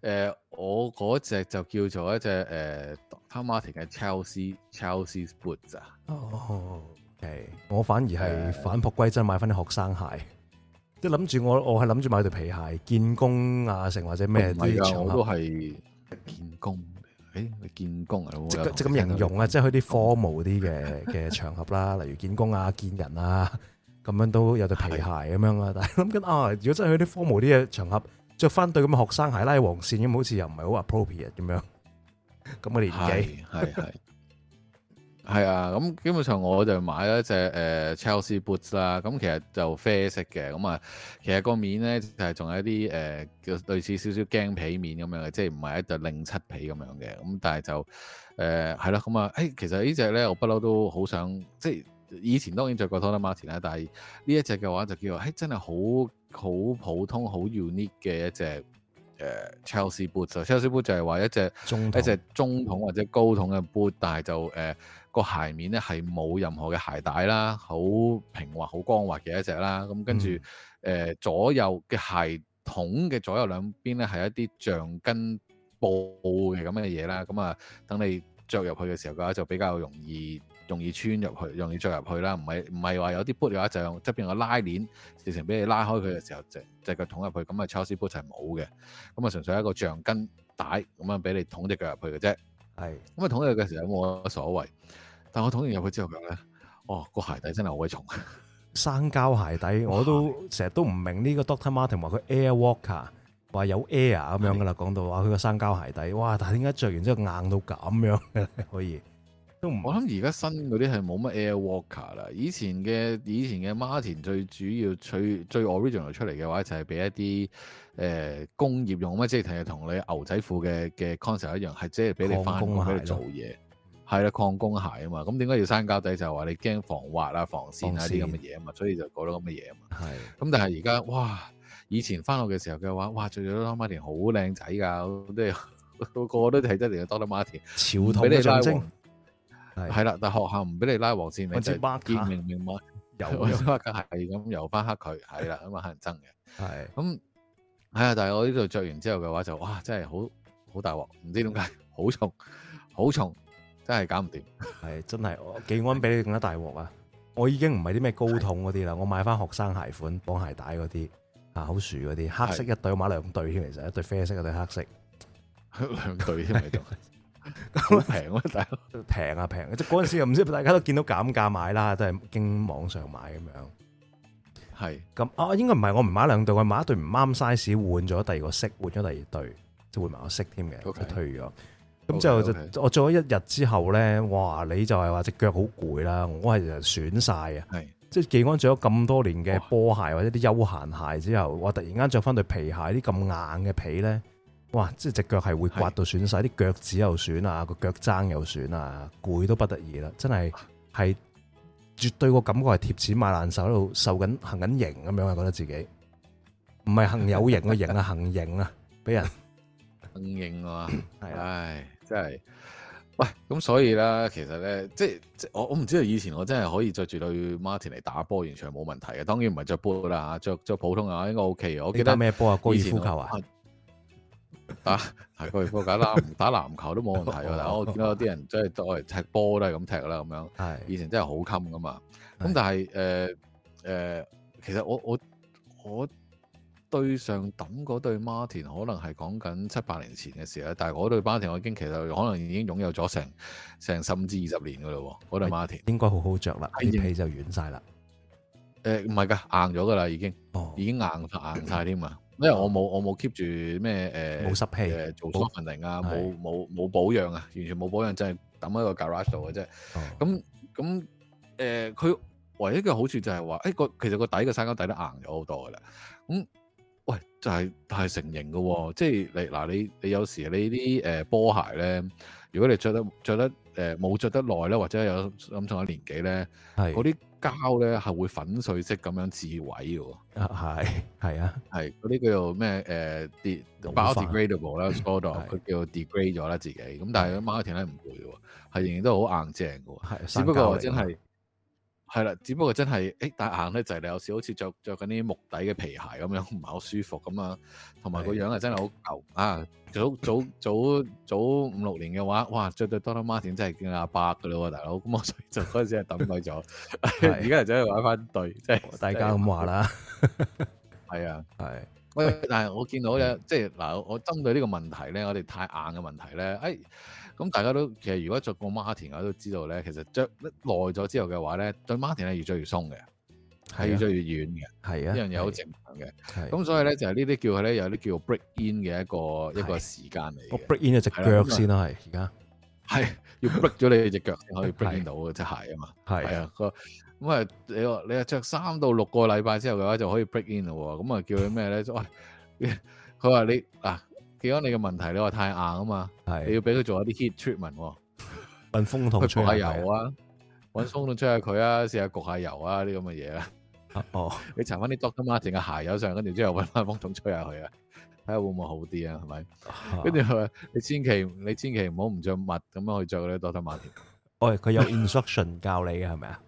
呃，我嗰隻就叫做一隻誒，Dr.、呃、Martens 嘅 Ch Chelsea Chelsea boots 啊。哦，係，我反而係反璞歸真，買翻啲學生鞋。即係諗住我，我係諗住買對皮鞋，見工啊，成或者咩啲、哦、場我都係見工。誒、哎，見工啊，有有即即咁形容啊，即係去啲 formal 啲嘅嘅場合啦， 例如見工啊，見人啊。咁樣都有對皮鞋咁樣啦，是但係諗緊啊，如果真係去啲荒謬啲嘅場合，着翻對咁嘅學生鞋拉黃線咁，好似又唔係好 appropriate 咁樣。咁嘅年紀，係係係啊，咁基本上我就買咗一隻誒、呃、Chelsea boots 啦，咁其實就啡色嘅，咁啊，其實個面咧就係、是、仲有一啲誒、呃、類似少少麂皮面咁樣嘅，即係唔係一對零七皮咁樣嘅，咁但係就誒係啦，咁、呃、啊，誒、啊欸、其實隻呢隻咧我不嬲都好想即係。以前當然着過 Dr. Martens 啦，但係呢一隻嘅話就叫做，嘿、哎、真係好好普通好 unique 嘅一隻誒、呃、Chelsea boot, Chelsea boot。Chelsea boot 就係話一隻一隻中筒或者高筒嘅 boot，但係就誒個、呃、鞋面咧係冇任何嘅鞋帶啦，好平滑好光滑嘅一隻啦。咁跟住誒、嗯呃、左右嘅鞋筒嘅左右兩邊咧係一啲橡筋布嘅咁嘅嘢啦。咁啊等你着入去嘅時候嘅話就比較容易。容易穿入去，容易着入去啦，唔係唔係話有啲 boot 嘅話就是、用側邊個拉鏈直情俾你拉開佢嘅時候，就就腳捅入去，咁啊 Chelsea boot 係冇嘅，咁啊純粹一個橡筋帶咁樣俾你捅隻腳入去嘅啫。係是，咁啊捅入去嘅時候冇乜所謂，但我捅完入去之後腳咧，哦個鞋底真係好鬼重，生膠鞋底我都成日哇都唔明呢個 Doctor Martin 話佢 Air Walker 話有 air 咁樣噶啦，講是到話佢個生膠鞋底，哇！但係點解着完之後硬到咁樣嘅可以？ 我諗而家新嗰啲係冇乜 Airwalker 啦，以前嘅以前嘅 Martin 最主要最最 original 出嚟嘅話就係俾一啲誒、呃、工業用啊，即係同同你牛仔褲嘅嘅 concept 一樣，係即係俾你翻工俾你做嘢，係啦、嗯，礦工鞋啊嘛，咁點解要生膠底就係、是、話你驚防滑防線啊、防跣啊啲咁嘅嘢啊嘛，所以就搞到咁嘅嘢啊嘛。係的，咁但係而家哇，以前翻學嘅時候嘅話，哇，Martin 好靚仔噶，即係個個都睇得嚟啊，多得馬丁潮童嘅特徵。係係啦，但學校唔俾你拉黃線，你就見明唔明嘛？游黃線係咁游翻黑佢，係啦，咁啊黑人憎嘅。係咁係啊，但係我呢度着完之後嘅話就哇，真係好好大鑊，唔知點解好重好重，真係搞唔掂。係真係，我幾安比你更加大鑊啊！我已經唔係啲咩高筒嗰啲啦，我買翻學生鞋款綁鞋帶嗰啲啊，口鼠嗰啲黑色一對，我買兩對添其實，一對啡色，一對黑色，兩對添嚟咁平 啊，大佬平啊，平！即嗰陣時又唔知大家都見到減價買啦，都係經網上買咁樣。係咁是啊，應該唔係我唔買兩對，我買一對唔啱 size，換咗第二個色，換咗第二對，即係換埋個色添嘅，佢 Okay. 退咗。咁之後就 okay, okay. 我着咗一日之後咧，哇！你就係話隻腳好攰啦，我係就損晒啊。係是即係既安着咗咁多年嘅波鞋或者啲休閒鞋之後，我突然間着翻對皮鞋，啲咁硬嘅皮咧。哇！即係隻腳係會刮到損晒，啲腳趾又損啊，個腳踭又損啊，攰都不得已啦！真係係絕對個感覺係貼錢買難受，喺度受緊行緊刑。咁樣，覺得自己唔係行有型，啊， 刑啊，人行刑啊，俾人行刑啊！係唉，真係喂咁，所以咧，其實咧，即係即我我唔知道以前我真係可以着住對 Martin 嚟打波，完全冇問題嘅。當然唔係着波啦，吓着着普通啊，應該 OK。我記得咩波啊？高爾夫球啊？打係高爾夫，打籃打籃球都冇問題喎。 但我見到有啲人真係我嚟踢波都係咁踢啦，咁樣。係是以前真係好襟噶嘛。咁是但係誒誒，其實我我我對上抌嗰對馬丁，可能係講緊七八年前嘅事啦。但係我對馬田，我已經其實可能已經擁有咗成成甚至二十年噶啦。嗰對馬丁應該好好着啦，啲對皮就軟晒啦。誒唔係噶，硬咗噶啦，已經、哦、已經硬硬晒添啊。因為我冇我冇 keep 住咩，誒冇濕氣，誒做、啊、scrubbing 啊，冇冇冇保養啊，完全冇保養，真係抌喺個 garage 度嘅啫。咁咁誒佢唯一嘅好處就係話誒個其實個底嘅生膠底都硬咗好多嘅啦。咁、嗯、喂就係、是、係成型嘅喎、哦，即係你嗱你你有時你啲、呃、波鞋咧，如果你着得着得冇、呃、着得耐咧，或者有咁重嘅年紀咧，啲是。膠咧係會粉碎式咁樣自毀嘅喎，啊係，係啊，係嗰啲叫做咩誒啲 biodegradable 啦，粗檔佢叫做 degrade 咗啦自己，咁、嗯、但係馬丁咧唔會喎，係仍然都好硬淨嘅喎，係是，只不過真係。真係啦，只不過真係，誒，但係硬咧就係、是、你有時好似着著緊啲木底嘅皮鞋咁樣，唔係好舒服咁樣，同埋個樣係真係好舊啊！早早早早五六年嘅話，哇，著對 Dr. Martens 真係見到阿伯噶啦，大佬，咁我所以就嗰陣時係等耐咗，而家的就走去玩翻對，即係大家咁話啦。係啊，係。喂，但係我見到咧，嗯、即係嗱，我針對呢個問題咧，我哋太硬嘅問題咧，誒、哎。咁大家都其實如果着過 Martens，我都知道咧，其實著耐咗之後嘅話咧，對 Martens 係越著越鬆嘅，係越著越軟嘅，係啊，呢樣嘢好正常嘅。咁所以咧就係呢啲叫佢咧有啲叫 break in 嘅一個一個時間嚟嘅。break in 一隻腳先啦，係而家係要 break 咗你隻腳先可以 break 到嘅隻鞋啊嘛，係啊，個咁啊，你話你話著三到六個禮拜之後嘅話就可以 break in 啦喎，咁啊叫佢咩咧？佢話你嗱。點解你個問題你話太硬啊嘛？係你要俾佢做一啲 heat treatment，搵風筒吹下油啊，搵風筒吹下佢啊，試下焗下油啊啲咁嘅嘢啊。哦，你搽翻啲 Doctor Martin 嘅鞋油上，跟住之後搵翻風筒吹下佢啊，睇下會唔會好啲啊？係咪？跟住佢話你千祈你千祈唔好唔着襪咁樣去着咧 Doctor Martin。哦，佢有 instruction 教你嘅係咪啊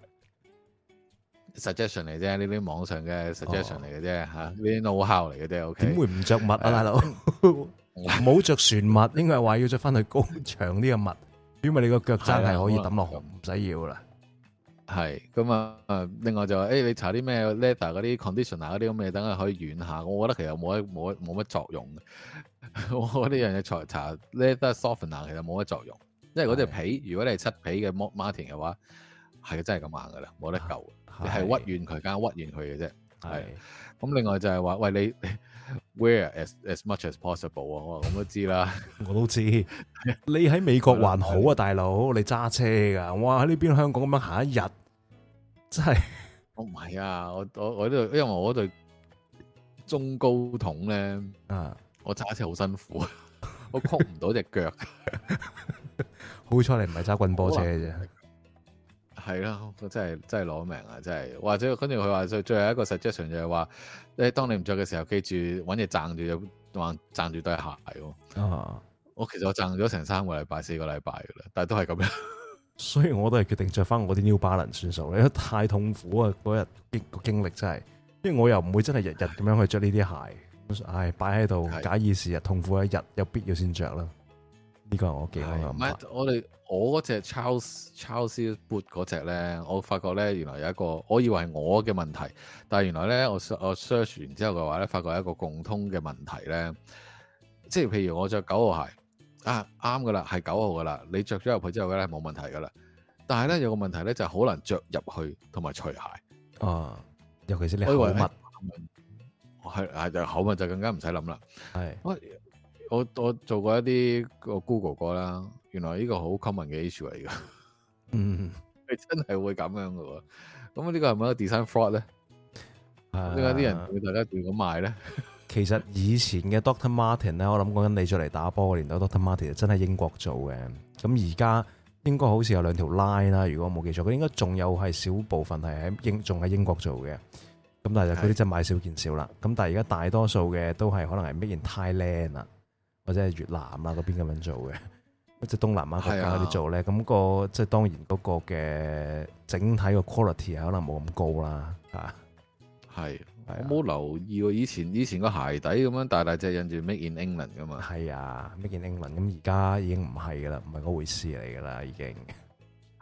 ？suggestion 嚟啫，呢啲網上嘅 suggestion 嚟嘅啫吓，呢啲 know-how 嚟嘅啫。OK，點會唔着襪啊，大佬？冇着我船襪，應該係話要着翻去高長啲嘅襪，因為 你個腳踭係可以抌落去，唔使的要啦。係，咁、嗯、啊，另外就誒、欸，你搽啲咩 leather 呢？嗰啲 conditioner 嗰啲咁嘅嘢，等佢可以軟下。我覺得其實冇一冇冇乜作用。 我覺得呢樣嘢才搽 leather softener，其實冇乜作用。因為嗰隻皮，的如果你係漆皮嘅 Martens 嘅話，係真係咁硬噶啦，冇得救。你係屈軟佢，梗係屈軟佢嘅啫。係，咁的另外就係話，喂你。你 Where as as much as possible 啊，我話咁都知啦，我都知。 你喺美國還好啊，啊大佬，你揸車噶，哇！喺呢邊香港咁樣行一日，真係我唔係啊，我我我呢度，因為我對中高筒咧啊，我揸車好辛苦啊， 我曲唔到隻腳。好 彩 你唔係揸棍波車啫。係啦，真係真係攞命啊！真係，或者跟住佢話最最後一個 suggestion 就係話，誒，當你唔着嘅時候，記住揾嘢賺住，或賺住對鞋。啊，我其實我賺咗成三個禮拜，四個禮拜噶啦，但係都係咁樣。所以我都係決定着翻我啲 New Balance 算數咧，太痛苦啊！嗰日經經歷真係，因為我又唔會真係日日咁樣去着呢啲鞋，唉的，擺喺度假以時日痛苦一日，有必要先着啦。這個 Matt, Char les, 呢個我幾好唔係我哋我嗰隻 Chelsea Chelsea Boot 嗰隻咧，我發覺咧原來有一個，我以為係我嘅問題，但係原來咧我我 search 完之後嘅話咧，發覺有一個共通嘅問題咧，即係譬如我着九號鞋啊，啱噶啦，係九號噶啦，你着咗入去之後咧冇問題噶啦，但係咧有個問題咧就係、是、好難着入去同埋除鞋啊，尤其是你口襪，係係就口襪就更加唔使諗啦，係。我我做過一啲個 Google 過啦，原來呢個好 common 嘅 issue 嚟嘅，這個、嗯，係真係會咁樣嘅喎。咁呢個係咪一個 design fraud 咧？點解啲人會大家亂咁賣咧？其實以前嘅 Doctor Martens 咧，我諗講緊你再嚟打波年代 Doctor Martens 是真係英國做嘅。咁而家應該好似有兩條 line 啦，如果我冇記錯，佢應該仲有係少部分係喺英，仲喺英國做嘅。咁但係就啲真係買少見少啦。咁是但係而家大多數嘅都係可能係 made in Thailand 啦。或者係越南啊嗰邊咁樣做嘅，即、就、係、是、東南亞國家嗰啲做咧，咁、啊那個即係、就是、當然嗰個嘅整體個 quality 係可能冇咁高啦，嚇係是。啊、我冇留意喎，以前以前個鞋底咁樣大大隻印住 Made in England 噶嘛，係啊，Made in England，咁而家已經唔係噶啦，唔係嗰回事嚟噶啦，已經。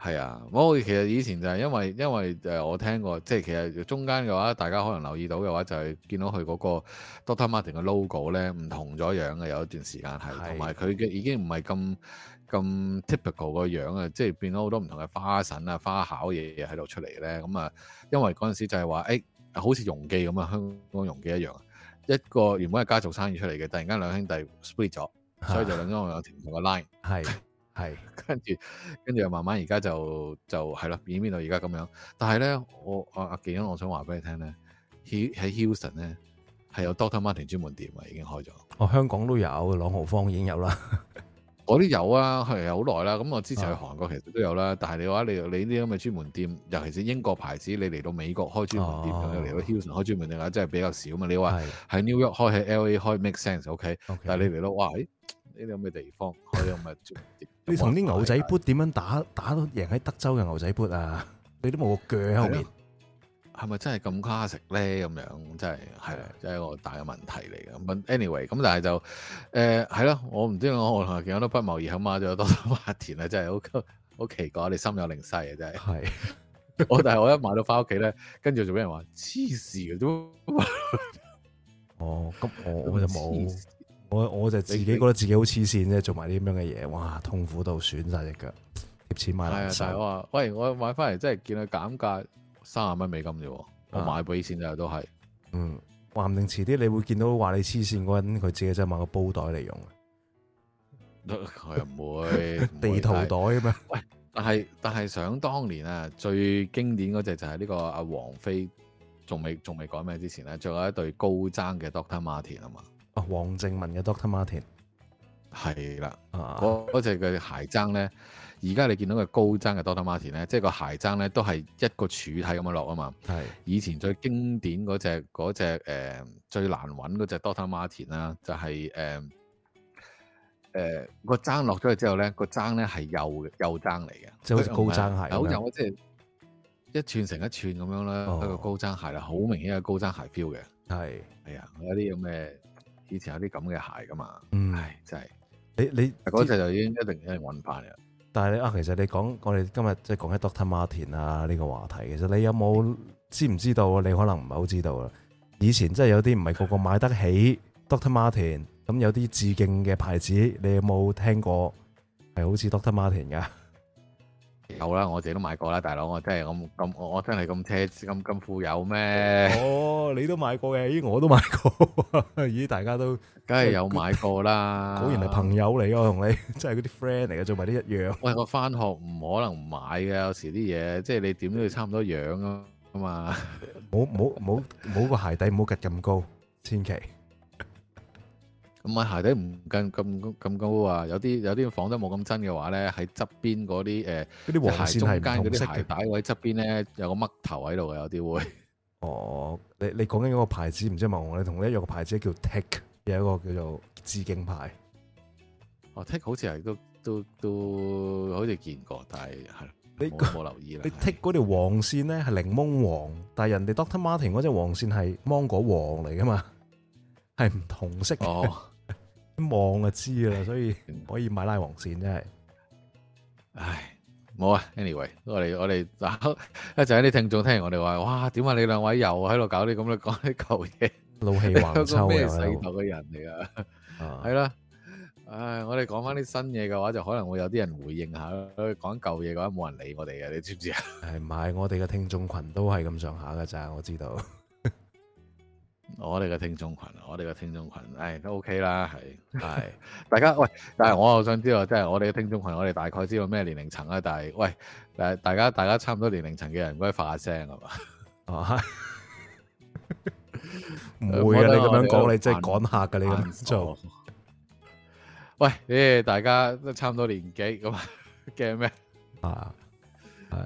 係啊，我其實以前就係因為因為誒我聽過，即係其實中間嘅話，大家可能留意到嘅話，就係見到佢嗰個 Dr. Martens 嘅 logo 咧，唔同咗樣嘅有一段時間係，同埋佢嘅已經唔係咁咁 typical 個樣啊，即係變咗好多唔同嘅花臣啊、花巧嘢嘢喺度出嚟咧。咁啊，因為嗰陣時就係話誒，好似容記咁啊，香港容記一樣，一個原本係家族生意出嚟嘅，突然間兩兄弟 split 咗，的所以就兩方有條唔同嘅 line。係。係，跟住跟住又慢慢而家就就係咯，變變到而家咁樣。但係咧，我阿阿健，我想話俾你聽咧，喺 Houston 咧，係有 Dr. Martens 專門店啊，已經開咗。哦，香港都有，朗豪坊已經有啦。我都有啊，係好耐啦。咁我之前喺韓國其實都有啦，啊、但係你話你你呢啲咁嘅專門店，尤其是英國牌子，你嚟到美國開專門店，又嚟、啊、到 Houston 開專門店啊，真係比較少嘛。你話喺 New York 開，喺 LA 開，make sense，OK、okay? Okay.。但係你嚟到哇？呢啲咁嘅地方，我又唔係你同啲牛仔 boot 點樣打 打都贏喺德州嘅牛仔 boot 啊？你都冇個腳喺後面，係咪、 啊、真係咁卡食咧？咁樣真係係啊，真係一個大嘅問題嚟嘅。Anyway，咁但係就誒係咯，我唔知我我同佢見到不謀而合嘛？就有多沙田啊，真係好好奇怪，你心有靈犀啊，真係。係我但係我一買到翻屋企咧，跟住就俾人話黐線。嘅都。哦，咁我 我就冇。我我就自己覺得自己好黐線啫，你做埋啲咁樣嘅嘢，哇，痛苦到損晒隻腳，貼錢買垃圾。係啊，我話，喂，我買翻嚟，真係見佢減價三十蚊美金啫，啊、我買比以前就都係。嗯，話唔定遲啲你會見到話你黐線嗰陣，佢、嗯、自己真係買個煲袋嚟用。佢又唔會，會 地圖袋啊嘛？喂，但係但係想當年啊，最經典嗰隻就係呢個阿王菲，仲未仲未改名之前咧，仲有一對高踭嘅 Doctor Martens 啊嘛。哦，王正文嘅 Dr. Martens 係啦，嗰嗰隻嘅鞋踭咧，而家你見到嘅高踭嘅 Dr. Martens 咧，即、就、係、是、個鞋踭咧都係一個柱體咁樣落啊嘛。係的以前最經典嗰隻嗰隻誒最難揾嗰隻 Dr. Martens 啦、啊，就係誒誒個踭落咗去之後咧，個踭咧係幼嘅踭嚟嘅，即係好似高踭鞋。好幼即係一串成一串咁樣啦，哦、一個高踭鞋啦，好明顯嘅高踭鞋 feel 嘅。係係啊，有啲咁嘅。以前有啲咁嘅鞋噶嘛，嗯，唉真係，你你嗰陣就已經、嗯、一定係運返嚟啦。但係啊，其實你講我哋今日即係講緊 Doctor Marten 啊呢個話題，其實你有冇知唔知道啊？你可能唔係好知道啦。以前真係有啲唔係個個買得起的 Doctor Marten，咁有啲致敬嘅牌子，你有冇聽過係好似 Doctor Marten 噶？有啦，我自己都買過啦，大佬，我真係咁咁，我我真係咁奢侈咁咁富有咩？哦，你都買過嘅，咦，我都買過，咦，大家都，梗係有買過啦。果然係朋友嚟，我同你真係嗰啲 friend 嚟嘅，做埋啲一樣。喂，我翻學唔可能唔買嘅，有時啲嘢，即係你點都要差唔多樣啊嘛。冇冇冇冇個鞋底冇夾咁高，千祈。咁買鞋底唔咁咁咁高啊！有啲有啲仿得冇咁真嘅話咧，喺側邊嗰啲誒，黃線，即、呃、係鞋中間嗰啲鞋帶位側邊咧，有個嘜頭喺度嘅，有啲會。哦，你你講緊嗰個牌子唔知嘛？我哋同你一樣個牌子叫 t e c h 有一個叫做致敬牌。哦 t e c h 好似係都都都好似見過，但係呢冇冇留意啦。你 Take 嗰條黃線咧係檸檬黃，的但係人哋 Doctor m a r t i n 嗰隻黃線係芒果黃嚟噶嘛，係唔同色。哦望就知啦，所以唔可以買拉黃線真係。唉，冇啊，anyway，我哋我哋嗱一陣有啲聽眾聽完我哋話，哇，點解你兩位又喺度搞啲咁嘅講啲舊嘢，老氣橫秋啊！咩世道嘅人嚟啊？係啦，唉，我哋講翻啲新嘢嘅話，就可能會有啲人回應下咯。講舊嘢嘅話，冇人理我哋嘅，你知唔知啊？係唔係？我哋嘅聽眾群都係咁上下噶咋，我知道。我哋嘅聽眾群，我哋嘅聽眾群，唉都 OK 啦，係係大家喂，但係我又想知道，即係我哋嘅聽眾群，我哋大概知道咩年齡層咧？但係喂，誒大家大家差唔多年齡層嘅人，唔該發下聲啊嘛，係嘛？唔會啊！你咁樣講，你真係趕客噶你咁做。喂，你哋大家都差唔多年紀，咁驚咩？啊，係，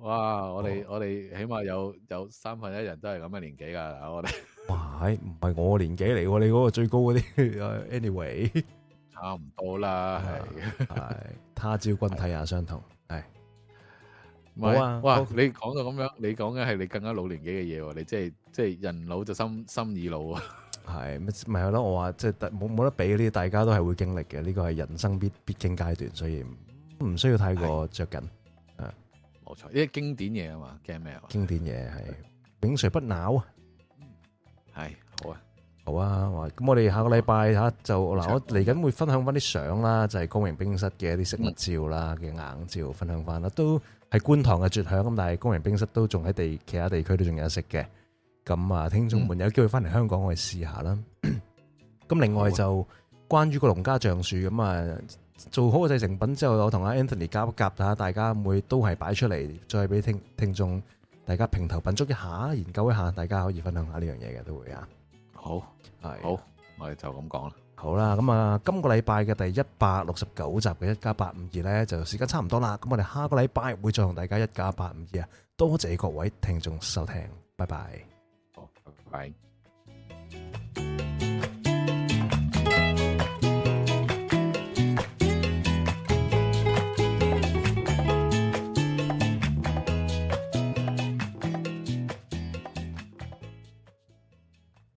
哇！我哋我哋起碼有有三分一人都係咁嘅年紀噶，我哋。哇！唉，唔係我年紀嚟，你嗰個最高嗰啲，anyway，差唔多啦，係係他朝君體也相同，係好啊！哇，你講到咁樣，你講嘅係你更加老年紀嘅嘢，你即係即係人老就心心已老啊！係咪係咯？我話即係冇冇得比呢啲，大家都係會經歷嘅，呢個係人生必必經階段，所以唔需要太過着緊啊！冇錯，呢啲經典嘢啊嘛，驚咩啊？經典嘢係永垂不朽啊！係好啊，好啊，咁、啊、我哋下個禮拜吓就嗱，好我嚟緊會分享翻啲相啦，就係、是、光榮冰室嘅一啲食物照啦嘅、嗯、硬照，分享翻啦，都係觀塘嘅絕響咁，但係光榮冰室都仲喺地其他地區都仲有食嘅，咁啊聽眾們有機會翻嚟香港我試，我哋試下啦。咁 另外就關於個皇家橡樹咁啊，做好個製成品之後，我同阿 Anthony 夾一夾下，大家會都係擺出嚟，再俾聽聽眾。大家平頭品足一下，研究一下，大家可以分享下呢樣嘢嘅都會啊。好，係是好，我哋就咁講啦。好啦，咁、嗯、啊，今個禮拜嘅第一百六十九集嘅一加八五二呢，就時間差唔多啦。咁我哋下個禮拜會再同大家一加八五二啊。多謝各位聽眾收聽，拜拜。好，拜拜。